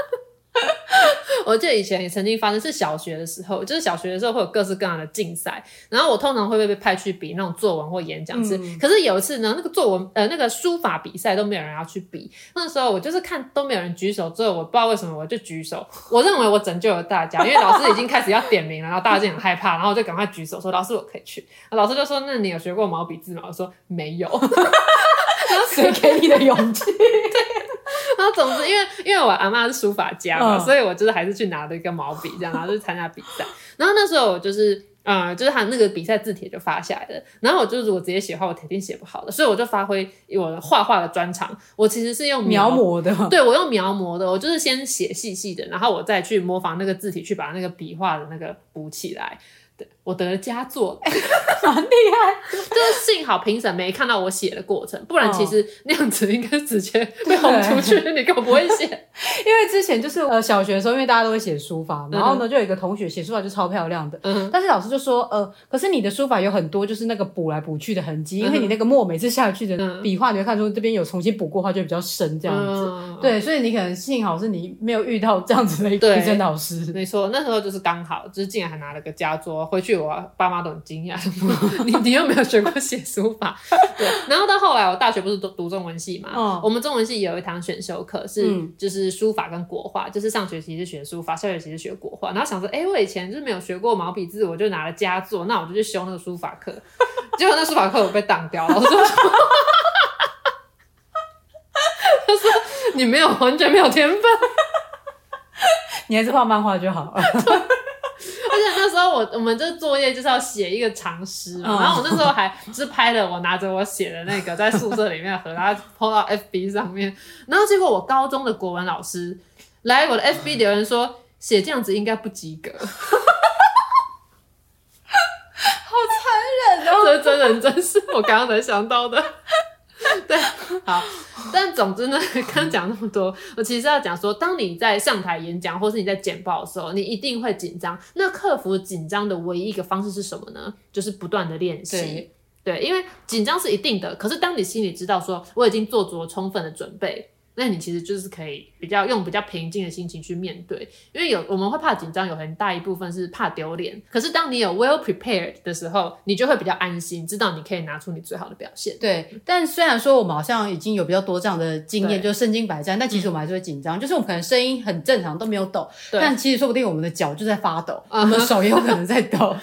我記得以前也曾經發生，是小學的時候，就是小學的時候會有各式各樣的競賽，然後我通常會被派去比那種作文或演講式。嗯、可是有一次呢，那個作文呃那個書法比賽都沒有人要去比。那時候我就是看都沒有人舉手，之後我不知道為什麼我就舉手，我認為我拯救了大家，因為老師已經開始要點名了，然後大家就很害怕，然後我就趕快舉手說，老師我可以去。老師就說，那你有學過毛筆字嗎？我說沒有，誰 給你的勇氣？ 然後總之，因為因為我阿媽是書法家嘛，嗯、所以我就是還是去拿了一個毛筆，這樣然後去參加比賽。然後那時候我就是，呃，就是他那個比賽字帖就發下來了。然後我就是，我直接寫的話，我鐵定寫不好的，所以我就發揮我的畫畫的專長。我其實是用描摹的，對，我用描摹的，我就是先寫細細的，然後我再去模仿那個字體，去把那個筆畫的那個補起來。我得了佳作，蠻 厲害。 就是幸好評審沒看到我寫的過程，不然其實那樣子應該直接被轟出去。對你根本不會寫， 因為之前就是呃小學的時候，因為大家都會寫書法，然後呢、嗯、哼就有一個同學寫書法就超漂亮的，嗯、哼但是老師就說呃，可是你的書法有很多就是那個補來補去的痕跡，嗯、哼因為你那個墨每次下去的筆畫，你會看出這邊有重新補過，畫就比較深這樣子。嗯嗯嗯嗯嗯對，所以你可能幸好是你沒有遇到這樣子的一個。對老師。沒錯，那時候就是剛好，就是竟然還拿了個佳作回去。我爸媽都很驚訝，你你又沒有學過寫書法，對。然後到後來，我大學不是讀讀中文系嘛？哦、我們中文系有一堂選修課是就是書法跟國畫，就是上學期是學書法，下學期是學國畫。然後想說，哎、欸，我以前就沒有學過毛筆字，我就拿了佳作，那我就去修那個書法課。結果那書法課我被擋掉了，老師就說， 說，你沒有完全沒有天分，你還是畫漫畫就好。 然我我們這作業就是要寫一個長詩嘛，嗯、然後我那時候還自拍了我拿着我寫的那個在宿舍裡面和他 PO 到 FB 上面，然後結果我高中的國文老師來我的 FB 留言說，寫、嗯、這樣子應該不及格，嗯、 好殘忍哦！ 我真人真是我剛剛能想到的。 對，好，但總之呢，剛講 那麼多，我其實要講說，當你在上台演講，或是你在簡報的時候，你一定會緊張。那克服緊張的唯一一個方式是什麼呢？就是不斷的練習。對，對，因為緊張是一定的，可是當你心裡知道說我已經做足了充分的準備，那你其實就是可以。比較用比較平靜的心情去面對，因為有我們會怕緊張，有很大一部分是怕丟臉。可是當你有 well prepared 的時候，你就會比較安心，知道你可以拿出你最好的表現。對，但雖然說我們好像已經有比較多這樣的經驗，對就身經百戰，但其實我們還是會緊張，嗯、就是我們可能聲音很正常，都沒有抖，對但其實說不定我們的腳就在發抖，我們、uh huh、手也有可能在抖。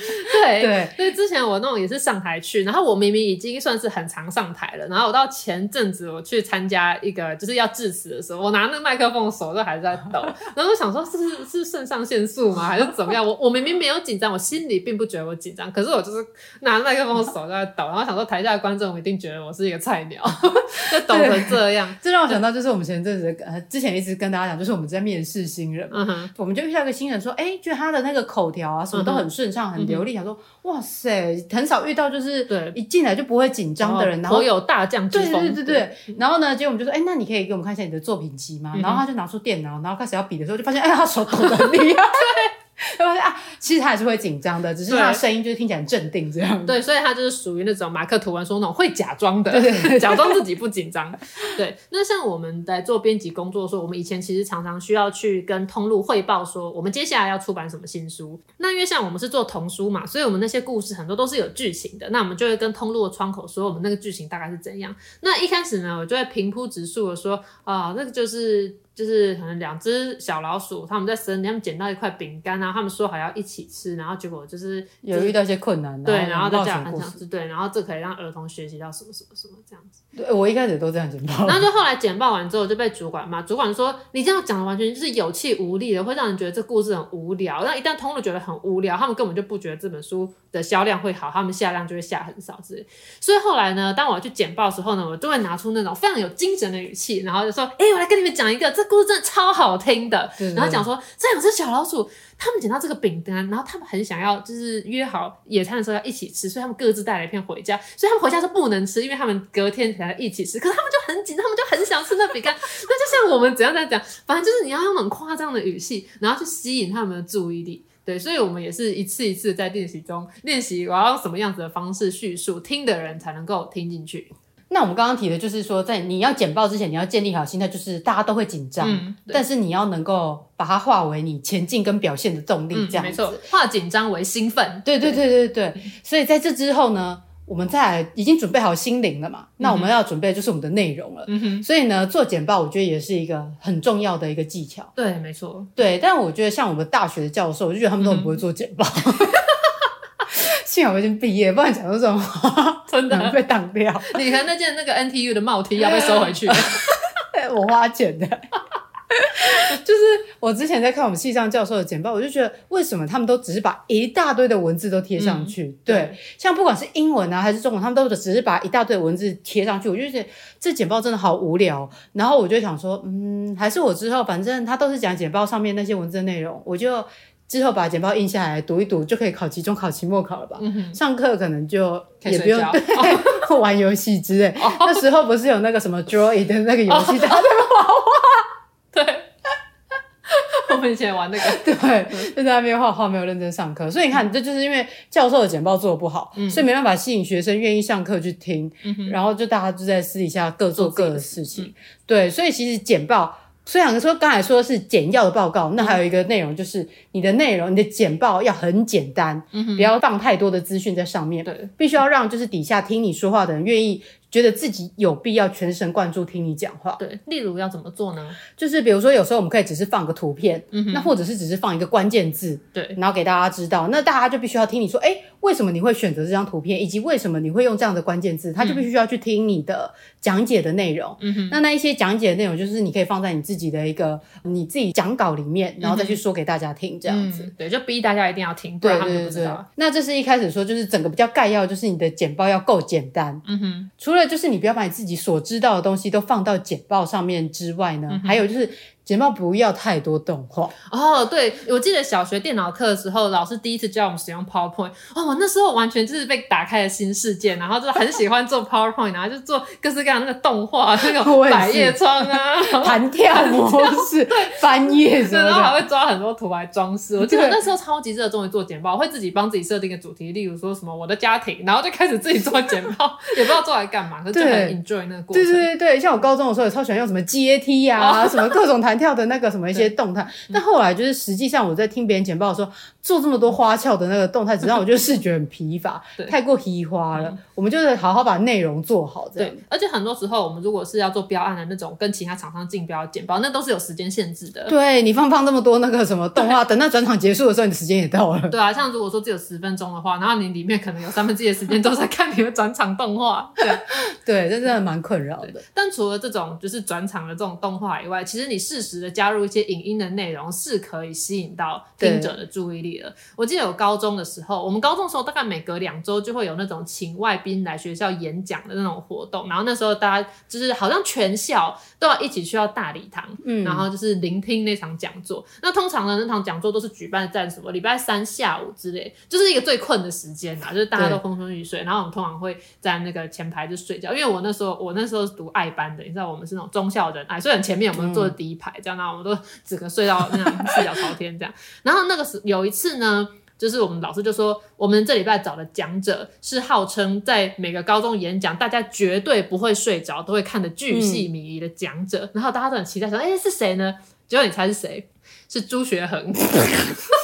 對 對，所以對之前我那種也是上台去，然後我明明已經算是很常上台了，然後我到前陣子我去參加一個就是要致辭的時候，我拿那個麥克。手都還在抖，然後想說，是，是是腎上腺素嗎？還是怎麼樣？我我明明沒有緊張，我心裡並不覺得我緊張，可是我就是拿麥克風手在抖，然後想說台下的觀眾，我一定覺得我是一個菜鳥， 就抖成這樣，這對對讓我想到就是我們前陣子呃，之前一直跟大家講，就是我們在面試新人嘛，嗯、哼我們就遇到一個新人說，哎、欸，就他的那個口條啊，什麼都很順暢，很流利，想、嗯、哼說。哇塞，很少遇到就是一進來就不會緊張的人，對然後頗有大將之風。對對對對，對，對然後呢，結果我們就說，哎、欸，那你可以給我們看一下你的作品集嗎？嗯嗯然後他就拿出電腦，然後開始要比的時候，就發現，哎、欸，他手抖的很厲害。 對啊，其實他還是會緊張的，只是他的聲音就是聽起來很鎮定這樣。對。對，所以他就是屬於那種馬克吐溫說那種會假裝的，對假裝自己不緊張。 對，那像我們在做編輯工作的時候，我們以前其實常常需要去跟通路匯報說，我們接下來要出版什麼新書。那因為像我們是做童書嘛，所以我們那些故事很多都是有劇情的，那我們就會跟通路的窗口說，我們那個劇情大概是怎樣。那一開始呢，我就會平鋪直述的說，啊、呃，那個就是。就是可能兩隻小老鼠，他們在生，林他們撿到一塊餅乾啊，他們說好要一起吃，然後結果就是、就是、有遇到一些困難，對，然後這樣這樣子，對，然後這可以讓兒童學習到什麼什麼什麼這樣子。對，我一開始也都這樣子。然後就後來簡報完之後就被主管罵，主管說你這樣講的完全就是有氣無力的，會讓人覺得這故事很無聊。然後一旦通路覺得很無聊，他們根本就不覺得這本書的銷量會好，他們下量就會下很少之類。所以後來呢，當我去簡報的時候呢，我就會拿出那種非常有精神的語氣，然後就說，哎、欸，我來跟你們講一個這。這故事真的超好聽的，對對對，然後講說這兩隻小老鼠，他們撿到這個餅乾，然後他們很想要，就是約好野餐的時候要一起吃，所以他們各自帶了一片回家，所以他們回家就不能吃，因為他們隔天才要一起吃，可是他們就很緊張，他們就很想吃那餅乾， 那就像我們怎樣在講，反正就是你要用很誇張的語氣，然後去吸引他們的注意力，對，所以我們也是一次一次在練習中練習，我要用什麼樣子的方式敘述，聽的人才能夠聽進去。那我們剛剛提的就是說，在你要簡報之前，你要建立好心態，就是大家都會緊張，嗯、但是你要能夠把它化為你前進跟表現的動力。這樣子、嗯、沒錯，化緊張為興奮。對，對對對對對。嗯、所以在這之後呢，我們再來已經準備好心靈了嘛？嗯、哼那我們要準備就是我們的內容了。嗯、哼所以呢，做簡報我覺得也是一個很重要的一個技巧。對，沒錯。對，但我覺得像我們大學的教授，我就覺得他們都很不會做簡報。嗯哼 幸好我已經畢業，不然講這種話真的被擋掉。你和那件那個 NTU 的帽 T 要被收回去， 我花錢的。 就是我之前在看我們系上教授的簡報，我就覺得為什麼他們都只是把一大堆的文字都貼上去？嗯、對，像不管是英文啊還是中文，他們都只是把一大堆的文字貼上去，我就覺得這簡報真的好無聊。然後我就想說，嗯，還是我之後反正他都是講簡報上面那些文字內容，我就。之後把簡報印下來讀一讀，就可以考期中考、期末考了吧？上課可能就也不用玩遊戲之類。那時候不是有那個什麼 Joy 的那個遊戲，在那邊畫畫。對，我們以前玩那個，對，就在那邊畫畫，沒有認真上課。所以你看，這就是因為教授的簡報做得不好，所以沒辦法吸引學生願意上課去聽。然後就大家就在私底下各做各的事情。對，所以其實簡報。雖然說剛才說的是簡要的報告，那還有一個內容就是你的內容，你的簡報要很簡單，嗯、哼不要放太多的資訊在上面，對必須要讓就是底下聽你說話的人願意。覺得自己有必要全神貫注聽你講話。對，例如要怎麼做呢？就是比如說，有時候我們可以只是放個圖片，嗯、哼那或者是只是放一個關鍵字，對，然後給大家知道，那大家就必須要聽你說，哎、欸，為什麼你會選擇這張圖片，以及為什麼你會用這樣的關鍵字？他就必須要去聽你的講解的內容。嗯，哼那那一些講解的內容，就是你可以放在你自己的一個你自己講稿裡面，然後再去說給大家聽，這樣子，嗯嗯。對，就逼大家一定要聽，對，他們就不知道了。那這是一開始說，就是整個比較概要，就是你的簡報要夠簡單。嗯哼，除了。就是你不要把你自己所知道的東西都放到簡報上面之外呢，嗯、哼還有就是。簡報不要太多動畫哦，對，我記得小學電腦課的時候，老師第一次教我們使用 PowerPoint，哦，我那時候完全就是被打開的新世界，然後就是很喜歡做 PowerPoint， 然後就做各式各樣的那個動畫， 那個百葉窗啊，彈 跳模式、 跳對翻頁，然後還會抓很多圖來裝飾。我記得對我那時候超級熱衷於做簡報，我會自己幫自己設定一個主題，例如說什麼我的家庭，然後就開始自己做簡報， 也不知道做來幹嘛，就很 enjoy 那個過程。對對對對，像我高中的時候也超喜歡用什麼階梯呀、啊，哦、什麼各種台。彈跳的那個什麼一些動態，對但後來就是實際上我在聽別人簡報說、嗯、做這麼多花俏的那個動態，只讓我就視覺很疲乏， 對太過花俏了。嗯我們就是好好把內容做好，這樣。對，而且很多時候，我們如果是要做標案的那種，跟其他廠商競標、簡報，那都是有時間限制的。對，你放放這麼多那個什麼動畫，對等到轉場結束的時候，你的時間也到了。對啊，像如果說只有十分鐘的話，然後你裡面可能有三分之一的時間都在看你的轉場動畫。對 對，這真的蠻困擾的。但除了這種就是轉場的這種動畫以外，其實你適時的加入一些影音的內容是可以吸引到聽者的注意力的。對我記得有高中的時候，我們高中的時候大概每隔兩周就會有那種情外。來學校演講的那種活動，然後那時候大家就是好像全校都要一起去到大禮堂，嗯，然後就是聆聽那場講座。那通常呢，那場講座都是舉辦在什麼禮拜三下午之類，就是一個最困的時間啊。就是大家都昏昏欲睡，對然後我們通常會在那個前排就睡覺。因為我那時候我那時候是讀愛班的，你知道我們是那種中校人愛，哎，雖然前面我們坐的第一排，這樣、嗯、然後我們都只能睡到那樣四腳朝天這樣。 然後那個時有一次呢。就是我們老師就說，我們這禮拜找的講者是號稱在每個高中演講，大家絕對不會睡着都會看得巨迷的巨細靡遺的講者。嗯、然後大家都很期待說，哎、欸，是誰呢？結果你猜是誰？是朱學恆。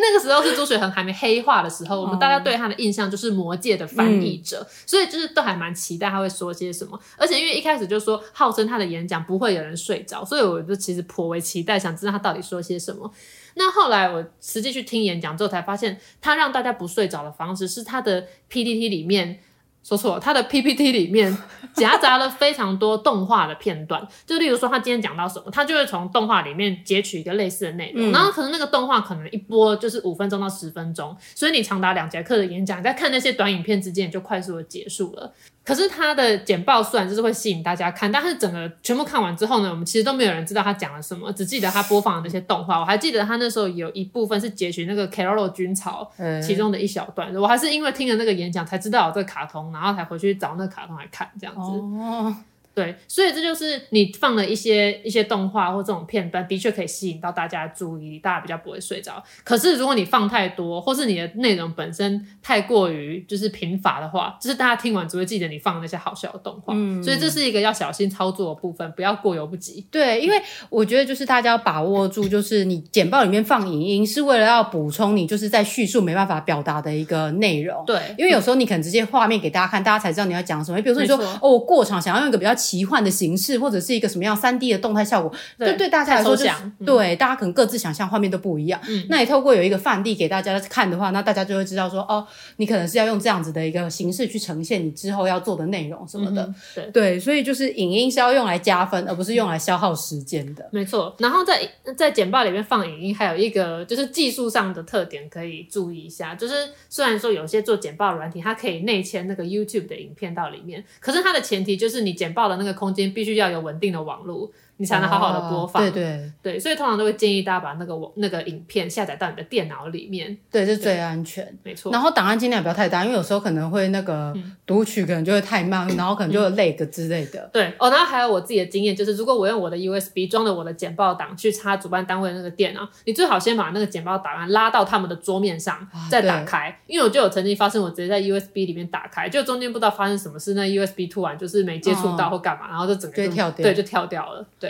那個時候是朱學恆還沒黑化的時候，我們大家對他的印象就是魔戒的翻譯者，嗯、所以就是都還蠻期待他會說些什麼。而且因為一開始就說號稱他的演講不會有人睡着，所以我就其實頗為期待，想知道他到底說些什麼。那後來我實際去聽演講之後，才發現他讓大家不睡着的方式是他的 PPT 裡面。說錯了，他的 PPT 裡面夾雜了非常多動畫的片段， 就例如說他今天講到什麼，他就會從動畫裡面截取一個類似的內容，嗯、然後可能那個動畫可能一播就是五分鐘到十分鐘，所以你長達兩節課的演講，在看那些短影片之間就快速的結束了。可是他的簡報雖然就是會吸引大家看，但是整個全部看完之後呢，我們其實都沒有人知道他講了什麼，只記得他播放的那些動畫。我還記得他那時候有一部分是截取那個《Keroro 軍曹》其中的一小段，欸、我還是因為聽了那個演講才知道這個卡通，然後才回去找那個卡通來看這樣子。哦對，所以這就是你放了一些一些動畫或這種片段，的確可以吸引到大家的注意，大家比較不會睡着。可是如果你放太多，或是你的內容本身太過於就是貧乏的話，就是大家聽完只會記得你放那些好笑的動畫。嗯，所以這是一個要小心操作的部分，不要過猶不及。對，因為我覺得就是大家要把握住，就是你簡報裡面放影音是為了要補充你就是在敘述沒辦法表達的一個內容。對，因為有時候你可能直接畫面給大家看，大家才知道你要講什麼。比如說，你說，你說哦，我過場想要用一個比較。奇幻的形式，或者是一個什麼樣三 D 的動態效果，對對，對大家來說講、就是，是對、嗯、大家可能各自想象畫面都不一樣。嗯，那也透過有一個範例給大家看的話，那大家就會知道說，哦，你可能是要用這樣子的一個形式去呈現你之後要做的內容什麼的。嗯、對，對，所以就是影音是要用來加分，而不是用來消耗時間的。嗯、沒錯。然後在在簡報裡面放影音，還有一個就是技術上的特點可以注意一下，就是雖然說有些做簡報軟體，它可以內嵌那個 YouTube 的影片到裡面，可是它的前提就是你簡報。那個空間必須要有穩定的網絡。你才能好好的播放，哦、對對對，所以通常都會建議大家把那個我那個影片下載到你的電腦裡面，對，這是最安全，沒錯。然後檔案儘量不要太大，因為有時候可能會那個讀取可能就會太慢，嗯、然後可能就會 lag 之類的、嗯嗯。對，哦，然後還有我自己的經驗，就是如果我用我的 USB 裝了我的簡報檔去插主辦單位的那個電腦，你最好先把那個簡報檔案拉到他們的桌面上再打開，啊、因為我就有曾經發生，我直接在 USB 裡面打開，就中間不知道發生什麼事，是那 USB 突然就是沒接觸到或幹嘛，哦、然後就整個就跳掉，對，就跳掉了，對。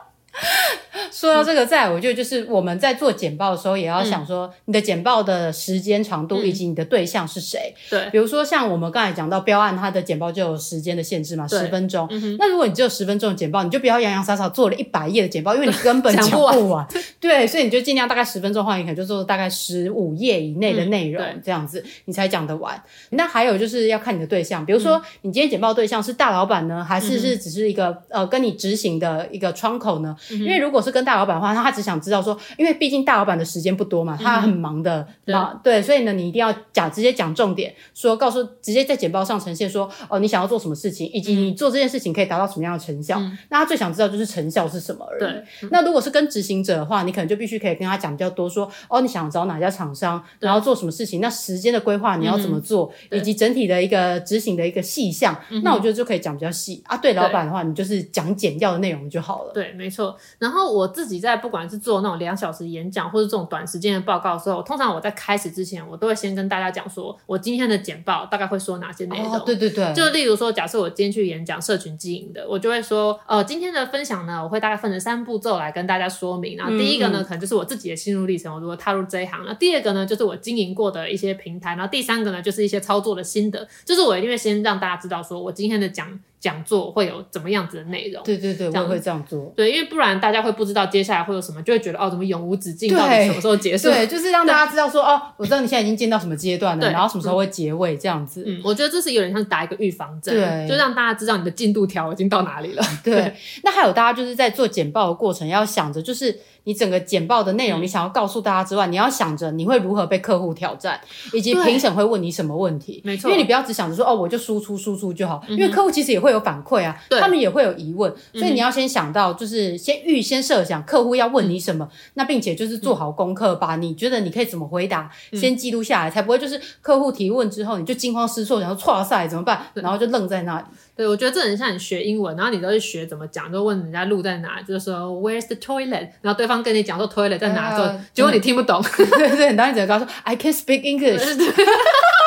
說到這個再，在、嗯、我覺得就是我們在做簡報的時候，也要想說你的簡報的時間長度以及你的對象是誰，嗯。對，比如說像我們剛才講到標案，它的簡報就有時間的限制嘛，十對分鐘。嗯、哼那如果你只有十分鐘的簡報，你就不要洋洋灑灑做了一百頁的簡報，因為你根本講不完。對，所以你就盡量大概十分鐘的話，你可能就做大概十五頁以內的內容，嗯、這樣子你才講得完。那還有就是要看你的對象，比如說你今天簡報對象是大老闆呢，還是是只是一個、嗯、哼呃跟你執行的一個窗口呢？嗯、哼因為如果是跟大老闆的話，他只想知道說，因為畢竟大老闆的時間不多嘛，他很忙的，嗯、對，對，對，所以呢，你一定要講直接講重點，說告訴直接在簡報上呈現說，哦，你想要做什麼事情，以及你做這件事情可以達到什麼樣的成效。嗯、哼那他最想知道就是成效是什麼而已。嗯、那如果是跟執行者的話，你可能就必須可以跟他講比較多，說哦，你想找哪家廠商，然後做什麼事情，那時間的規劃你要怎麼做，嗯、以及整體的一個執行的一個細項。嗯、哼那我覺得就可以講比較細啊。對，對老闆的話，你就是講減掉的內容就好了。對，沒錯。然後我。我自己在不管是做那種兩小時演講或者這種短時間的報告的時候，通常我在開始之前，我都會先跟大家講說，我今天的簡報大概會說哪些內容，哦。對對對，就例如說，假設我今天去演講社群經營的，我就會說，呃，今天的分享呢，我會大概分成三步驟來跟大家說明。然後第一個呢，嗯、可能就是我自己的心路歷程，我如何踏入這一行；那第二個呢，就是我經營過的一些平台；然後第三個呢，就是一些操作的心得。就是我一定會先讓大家知道，說我今天的講。講座會有怎麼樣子的內容？對對對，這樣會這樣做。對，因為不然大家會不知道接下來會有什麼，就會覺得哦，怎麼永無止境？到底什麼時候結束？對，就是讓大家知道說哦，我知道你現在已經進到什麼階段了，然後什麼時候會結尾這樣子。嗯，我覺得這是有點像打一個預防針，對，就讓大家知道你的進度條已經到哪裡了。對，那還有大家就是在做簡報的過程，要想着就是。你整個簡報的內容，你想要告訴大家之外，嗯、你要想着你會如何被客戶挑戰，以及評審會問你什麼問題。沒錯，因為你不要只想着說哦，我就輸出輸出就好，嗯、哼因為客戶其實也會有反饋啊，對他們也會有疑問，所以你要先想到，就是先預先設想客戶要問你什麼，嗯、那並且就是做好功課吧，把、嗯、你覺得你可以怎麼回答，嗯、先記錄下來，才不會就是客戶提問之後你就驚慌失措，然後烙賽怎麼辦，然後就愣在那裡。對，我覺得這很像你學英文，然後你都是學怎麼講，就問人家路在哪，就是說 Where's the toilet？然後對方跟你講說 toilet 在哪的時候，uh, 結果你聽不懂，對對，然後你只能說 I can't speak English。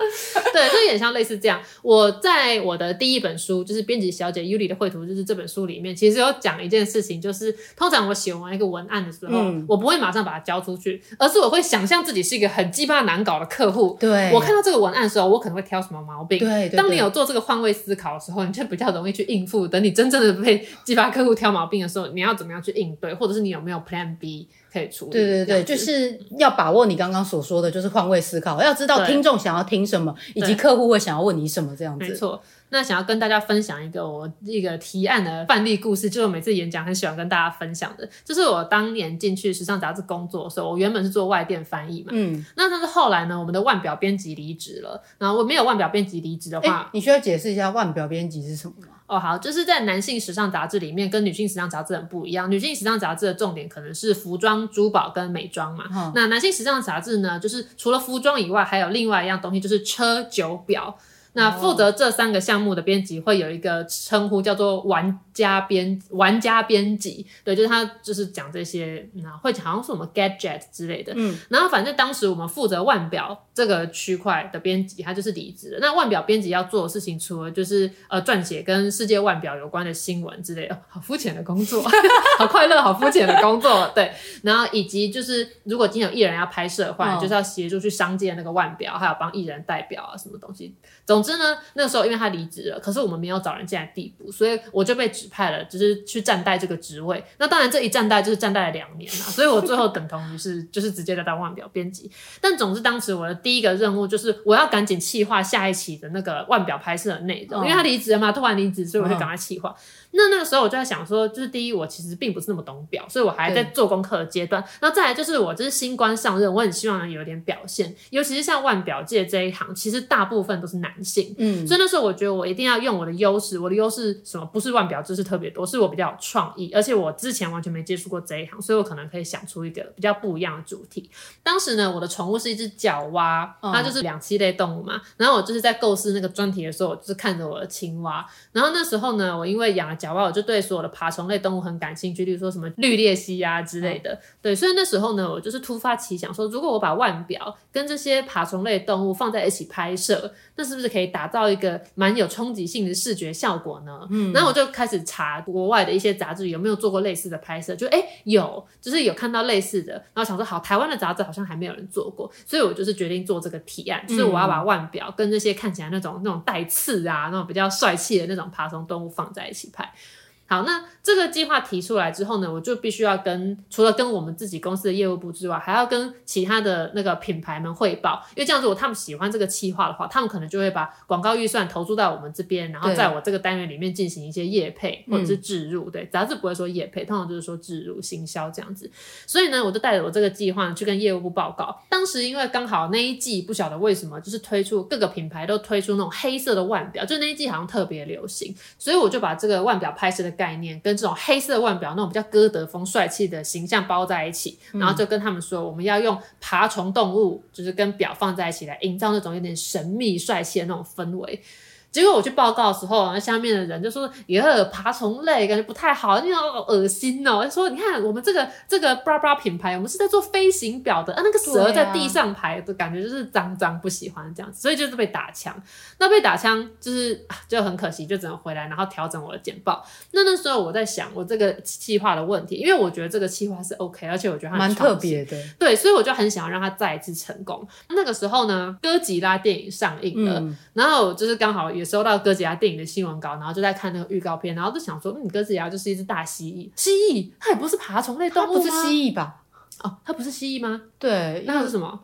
對，就有點像類似這樣。我在我的第一本書，就是編輯小姐 Yuri 的繪圖，就是這本書裡面，其實有講一件事情，就是通常我寫完一個文案的時候，嗯、我不會馬上把它交出去，而是我會想象自己是一個很奇葩難搞的客戶。對，我看到這個文案的時候，我可能會挑什麼毛病。對,對,對，當你有做這個換位思考的時候，你就比較容易去應付。等你真正的被奇葩客戶挑毛病的時候，你要怎麼樣去應對，或者是你有沒有 Plan B？可以處理，對對對對，就是要把握你剛剛所說的，就是換位思考，要知道聽眾想要聽什麼，對以及客戶會想要問你什麼，這樣子。沒錯。那想要跟大家分享一個我一個提案的範例故事，就是我每次演講很喜歡跟大家分享的，就是我當年進去時尚雜誌工作的時候，所以我原本是做外電翻譯嘛。嗯，那但是後來呢，我們的腕表編輯離職了，然後我沒有腕表編輯離職的話，欸，你需要解釋一下腕表編輯是什麼？哦，好，就是在男性時尚雜誌裡面，跟女性時尚雜誌很不一樣。女性時尚雜誌的重點可能是服裝、珠寶跟美妝嘛。嗯、那男性時尚雜誌呢，就是除了服裝以外，還有另外一樣東西，就是車、酒、表。那負責這三個項目的編輯會有一個稱呼，叫做玩家編玩家編輯，對，就是他就是講這些，然後會講好像是我們 gadget 之類的，嗯，然後反正當時我們負責腕錶這個區塊的編輯，他就是離職的。那腕錶編輯要做的事情，除了就是呃撰寫跟世界腕錶有關的新聞之類的，好膚淺的工作， 好快樂，好膚淺的工作，對。然後以及就是如果今天有藝人要拍攝的話，就是要協助去商界那個腕錶，還有幫藝人代表啊什麼東西，總總之呢，那時候因為他離職了，可是我們沒有找人進來遞補，所以我就被指派了，只、就是去暫代這個職位。那當然這一暫代就是暫代了兩年嘛，所以我最後等同於是就是直接來當腕錶編輯。 但總之當時我的第一個任務就是我要趕緊企劃下一期的那個腕錶拍攝的內容，哦、因為他離職了嘛，突然離職，所以我就趕快企劃。哦、那那個時候我就在想說，就是第一我其實並不是那麼懂表，所以我還在做功課的階段。對那再來就是我這、就是新官上任，我很希望能有點表現，尤其是像腕錶界這一行，其實大部分都是男性。嗯，所以那時候我覺得我一定要用我的優勢，我的優勢什麼？不是腕表知識、就是、特別多，是我比較有創意，而且我之前完全沒接觸過這一行，所以我可能可以想出一個比較不一樣的主題。當時呢，我的寵物是一隻角蛙，它就是兩棲類動物嘛。嗯、然後我就是在構思那個專題的時候，我就是看着我的青蛙。然後那時候呢，我因為養了角蛙，我就對所有的爬蟲類動物很感興趣，例如說什麼綠鬣蜥啊之類的。嗯、對，所以那時候呢，我就是突發奇想說，如果我把腕表跟這些爬蟲類動物放在一起拍攝，那是不是可以？打造一個蠻有衝擊性的視覺效果呢，嗯，然後我就開始查國外的一些雜誌有沒有做過類似的拍攝，就哎、欸、有，就是有看到類似的，然後想說好，台灣的雜誌好像還沒有人做過，所以我就是決定做這個提案，就是我要把腕表跟那些看起來那種那種帶刺啊，那種比較帥氣的那種爬蟲動物放在一起拍。好，那這個計劃提出來之後呢，我就必須要跟除了跟我們自己公司的業務部之外，還要跟其他的那個品牌們匯報，因為這樣子我，如果他們喜歡這個企劃的話，他們可能就會把廣告預算投注到我們這邊，對然後在我這個單元裡面進行一些業配或者是置入，嗯、對，雜誌不會說業配，通常就是說置入行銷這樣子。所以呢，我就帶着我這個計劃呢去跟業務部報告。當時因為剛好那一季不曉得為什麼，就是推出各個品牌都推出那種黑色的腕表，就那一季好像特別流行，所以我就把這個腕表拍攝的。概念跟這種黑色的腕錶那種比較歌德風帥氣的形象包在一起，嗯。然後就跟他們說，我們要用爬蟲動物，就是跟錶放在一起來營造那種有點神秘帥氣的那種氛圍。結果我去報告的時候，下面的人就說：“也有爬蟲類，感覺不太好，那種惡心哦。”就說：“你看，我們這個這個 bra bra 品牌，我們是在做飛行表的啊，那個蛇在地上爬的感覺就是髒髒，不喜歡這樣子，所以就是被打槍。那被打槍就是、啊、就很可惜，就只能回來，然後調整我的簡報。那那時候我在想，我這個企劃的問題，因為我覺得這個企劃是 OK，而且我覺得它蠻特別的，對，所以我就很想要讓它再一次成功。那個時候呢，哥吉拉電影上映了，嗯、然後就是剛好。”也收到哥吉拉電影的新聞稿，然後就在看那個預告片，然後就想說，你、嗯、哥吉拉就是一隻大蜥蜴，蜥蜴，它也不是爬蟲類動物嗎？它不是蜥蜴吧？哦，它不是蜥蜴嗎？對，那是什麼？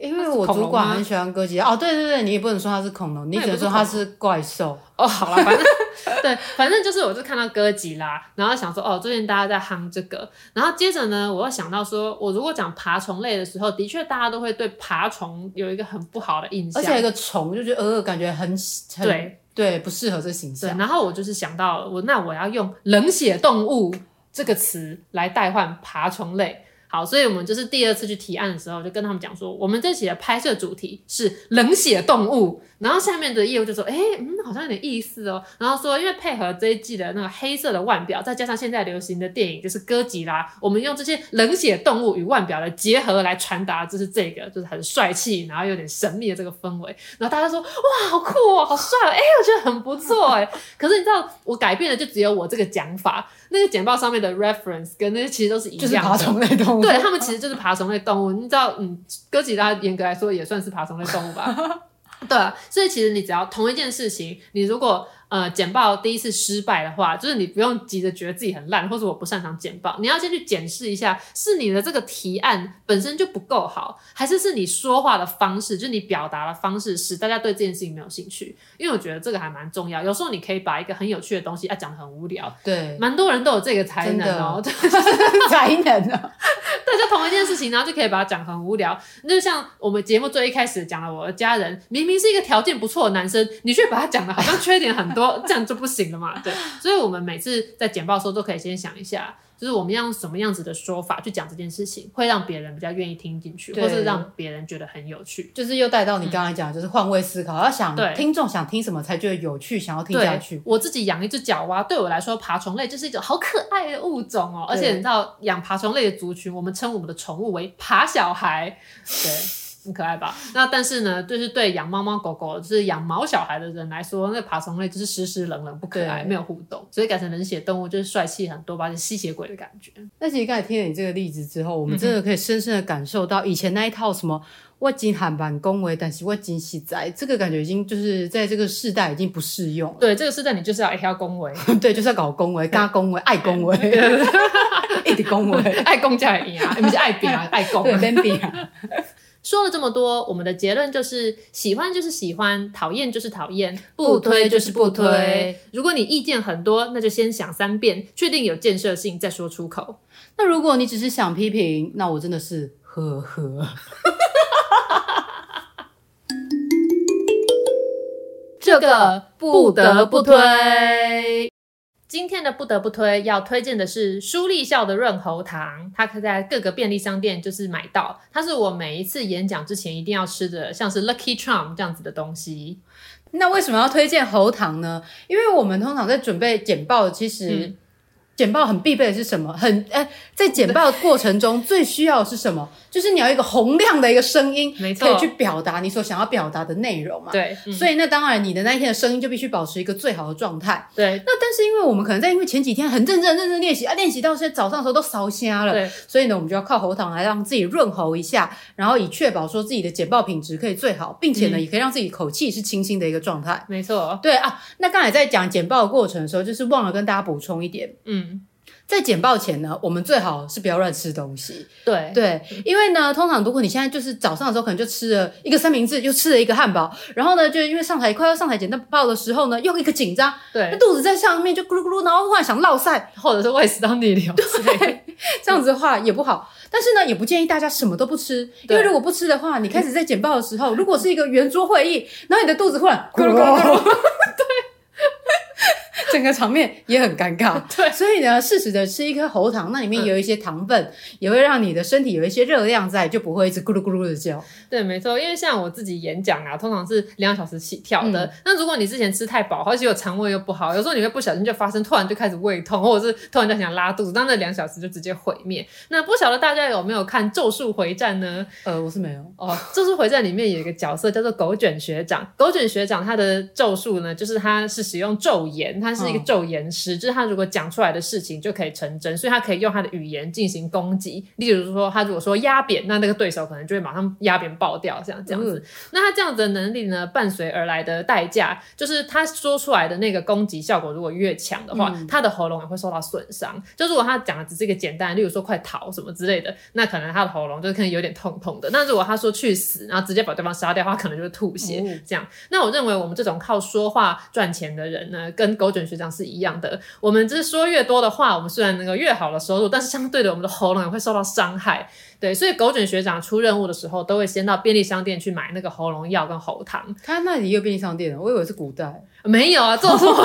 因為我主管很喜歡哥吉拉。哦，對對對，你也不能說它是恐龍，恐龍你只能說它是怪獸哦。好了，反正 對，反正就是，我就看到哥吉拉，然後想說哦，最近大家在夯這個，然後接着呢，我又想到說，我如果講爬蟲類的時候，的確大家都會對爬蟲有一個很不好的印象，而且一個蟲就覺得呃，感覺很，很對對，不適合這形象。然後我就是想到，我那我要用冷血動物這個詞來代換爬蟲類。好，所以我們就是第二次去提案的時候，就跟他們講說，我們這期的拍攝主題是冷血動物。然後下面的業務就說：“哎，嗯，好像有點意思哦。”然後說：“因為配合這一季的那個黑色的腕錶，再加上現在流行的電影就是哥吉拉，我們用這些冷血動物與腕錶的結合來傳達，就是這個，就是很帥氣，然後有點神秘的這個氛圍。”然後大家說：“哇，好酷哦，好帥哦！哎，我覺得很不錯哎。”可是你知道，我改變的就只有我這個講法，那個簡報上面的 reference 跟那些其實都是一樣的，就是爬蟲類動物。對，他們其實就是爬蟲類動物。 你知道，嗯，哥吉拉嚴格來說也算是爬蟲類動物吧。 對啊，所以其實你只要同一件事情，你如果。呃，簡報第一次失敗的話，就是你不用急着覺得自己很爛，或者我不擅長簡報。你要先去檢視一下，是你的這個提案本身就不夠好，還是是你說話的方式，就是你表達的方式，使大家對這件事情沒有興趣？因為我覺得這個還蠻重要。有時候你可以把一個很有趣的東西，啊，講的很無聊。對，蠻多人都有這個才能哦，真的才能哦、喔。大家 同一件事情、啊，然後就可以把它講很無聊。那就像我們節目最一開始講了我的家人，明明是一個條件不錯的男生，你卻把他講的好像缺點很多。 這樣就不行了嘛？對，所以我們每次在簡報的時候，都可以先想一下，就是我們要用什麼樣子的說法去講這件事情，會讓別人比較願意聽進去，或是讓別人覺得很有趣。對就是又帶到你剛才講，嗯、就是換位思考，要想對聽眾想聽什麼才覺得有趣，想要聽下去。我自己養一只角蛙，對我來說，爬蟲類就是一種好可愛的物種哦、喔。對而且你知道，養爬蟲類的族群，我們稱我們的寵物為爬小孩。對。 不可愛吧？那但是呢，就是對養貓貓狗狗，就是養毛小孩的人來說，那爬蟲類就是濕濕冷冷，不可愛，對沒有互動，所以改成冷血動物就是帥氣很多吧，就是、吸血鬼的感覺。那其實剛才聽了你這個例子之後，我們真的可以深深的感受到，以前那一套什麼、嗯、我很憨慢講話，但是我很實在，這個感覺已經就是在這個世代已經不適用了。對，這個世代你就是要愛講話， 對，就是要搞講話，加講話，愛講話，一直講話，愛講就贏啊，不是愛拚啊，愛講啊。 對 說了這麼多，我們的結論就是：喜歡就是喜歡，討厭就是討厭，不推就是不推。如果你意見很多，那就先想三遍，確定有建設性，再說出口。那如果你只是想批評，那我真的是呵呵，哈哈哈哈哈哈！這個不得不推。今天的不得不推要推薦的是舒立笑的潤喉糖，它可以在各個便利商店就是買到。它是我每一次演講之前一定要吃的，像是 Lucky Charm 這樣子的東西。那為什麼要推薦喉糖呢？因為我們通常在準備簡報，其實、嗯、簡報很必備的是什麼？很哎、欸，在簡報的過程中最需要的是什麼？ 就是你要一個洪亮的一個聲音，沒錯錯，可以去表達你所想要表達的內容嘛。對，嗯、所以那當然你的那一天的聲音就必須保持一個最好的狀態。對，那但是因為我們可能在因為前幾天很認真認真練習啊，練習到現在早上的時候都燒聲了，對，所以呢我們就要靠喉糖來讓自己潤喉一下，然後以確保說自己的簡報品質可以最好，並且呢、嗯、也可以讓自己口氣是清新的一個狀態。沒錯錯，對啊。那剛才在講簡報的過程的時候，就是忘了跟大家補充一點，嗯。在簡報前呢，我們最好是不要亂吃東西。對對，因為呢，通常如果你現在就是早上的時候，可能就吃了一個三明治，又吃了一個漢堡，然後呢，就因為上台快要上台簡報的時候呢，又一個緊張，對，肚子在上面就咕嚕咕嚕，然後忽然想烙賽，或者是胃食道逆流，對，對這樣子的話也不好。但是呢，也不建議大家什麼都不吃，對因為如果不吃的話，你開始在簡報的時候，如果是一個圓桌會議，然後你的肚子忽然咕嚕咕嚕咕。呃 整個場面也很尷尬， 對，所以呢，適時的吃一顆喉糖，那裡面有一些糖分，嗯、也會讓你的身體有一些熱量在，就不會一直咕嚕咕嚕的叫。對，沒錯，因為像我自己演講啊，通常是兩小時起跳的。嗯、那如果你之前吃太飽，而且有腸胃又不好，有時候你會不小心就發生，突然就開始胃痛，或者是突然就想拉肚子，那那兩小時就直接毀滅。那不曉得大家有沒有看《咒術迴戰》呢？呃，我是沒有。哦，《咒術迴戰》裡面有一個角色叫做狗卷學長，狗卷學長他的咒術呢，就是他是使用咒言，他。他是一個咒言師，嗯、就是他如果講出來的事情就可以成真，所以他可以用他的語言進行攻擊。例如說，他如果說壓扁，那那個對手可能就會馬上壓扁爆掉，這樣這樣子。嗯、那他這樣子的能力呢，伴隨而來的代價就是他說出來的那個攻擊效果如果越強的話，嗯、他的喉嚨也會受到損傷。就如果他講的只是一個簡單，例如說快逃什麼之類的，那可能他的喉嚨就是可能有點痛痛的。那如果他說去死，然後直接把對方殺掉，他可能就是吐血、嗯、這樣。那我認為我們這種靠說話賺錢的人呢，跟狗卷，狗卷學長是一樣的。我們就是說越多的話，我們雖然能夠越好的收入，但是相對的，我們的喉嚨也會受到傷害。對，所以狗卷學長出任務的時候，都會先到便利商店去買那個喉嚨藥跟喉糖。他那裡也有便利商店我以為是古代，啊、沒有啊，咒術咒術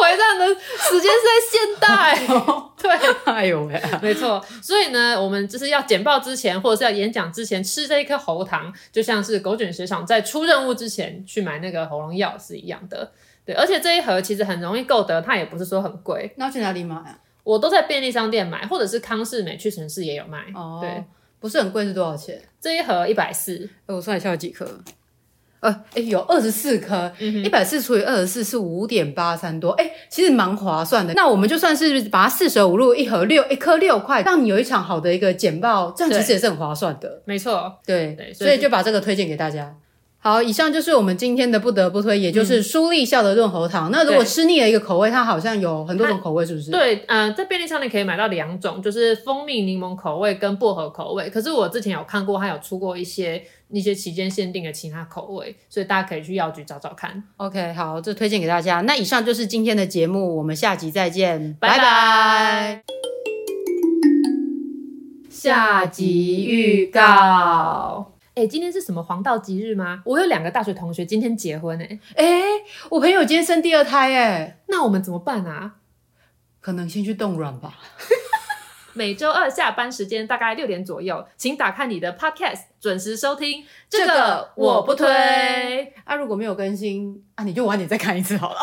迴戰 的時間是在現代。 對，哎呦喂、哎哎啊，沒錯。所以呢，我們就是要簡報之前或者是要演講之前吃這一顆喉糖，就像是狗卷學長在出任務之前去買那個喉嚨藥是一樣的。對，而且這一盒其實很容易購得，它也不是說很貴。那我去哪裡買啊？我都在便利商店買，或者是康士美屈臣氏也有賣。哦，對，不是很貴是多少錢？這一盒一百四。我算一下有幾顆。呃，誒、欸，有二十四顆，一百四除以二十四是五點八三多。誒、欸，其實蠻划算的。那我們就算是把它四舍五入一盒六一顆六塊，讓你有一場好的一個簡報，這樣其實也是很划算的。沒錯。對。所以就把這個推薦給大家。好，以上就是我們今天的不得不推，也就是舒利笑的潤喉糖。嗯、那如果吃膩了一個口味，對它好像有很多種口味，是不是？對，嗯、呃，在便利商店可以買到兩種，就是蜂蜜檸檬口味跟薄荷口味。可是我之前有看過，它有出過一些那些期間限定的其他口味，所以大家可以去藥局找找看。OK，好，這推薦給大家。那以上就是今天的節目，我們下集再見，bye bye 拜拜。下集預告。哎，今天是什麼黃道吉日嗎？我有兩個大學同學今天結婚哎，哎，我朋友今天生第二胎哎，那我們怎麼辦啊？可能先去凍卵吧。 每周二下班時間大概六點左右，請打開你的 Podcast，準時收聽。這個我不推，我不推啊，如果沒有更新啊，你就晚點再看一次好了。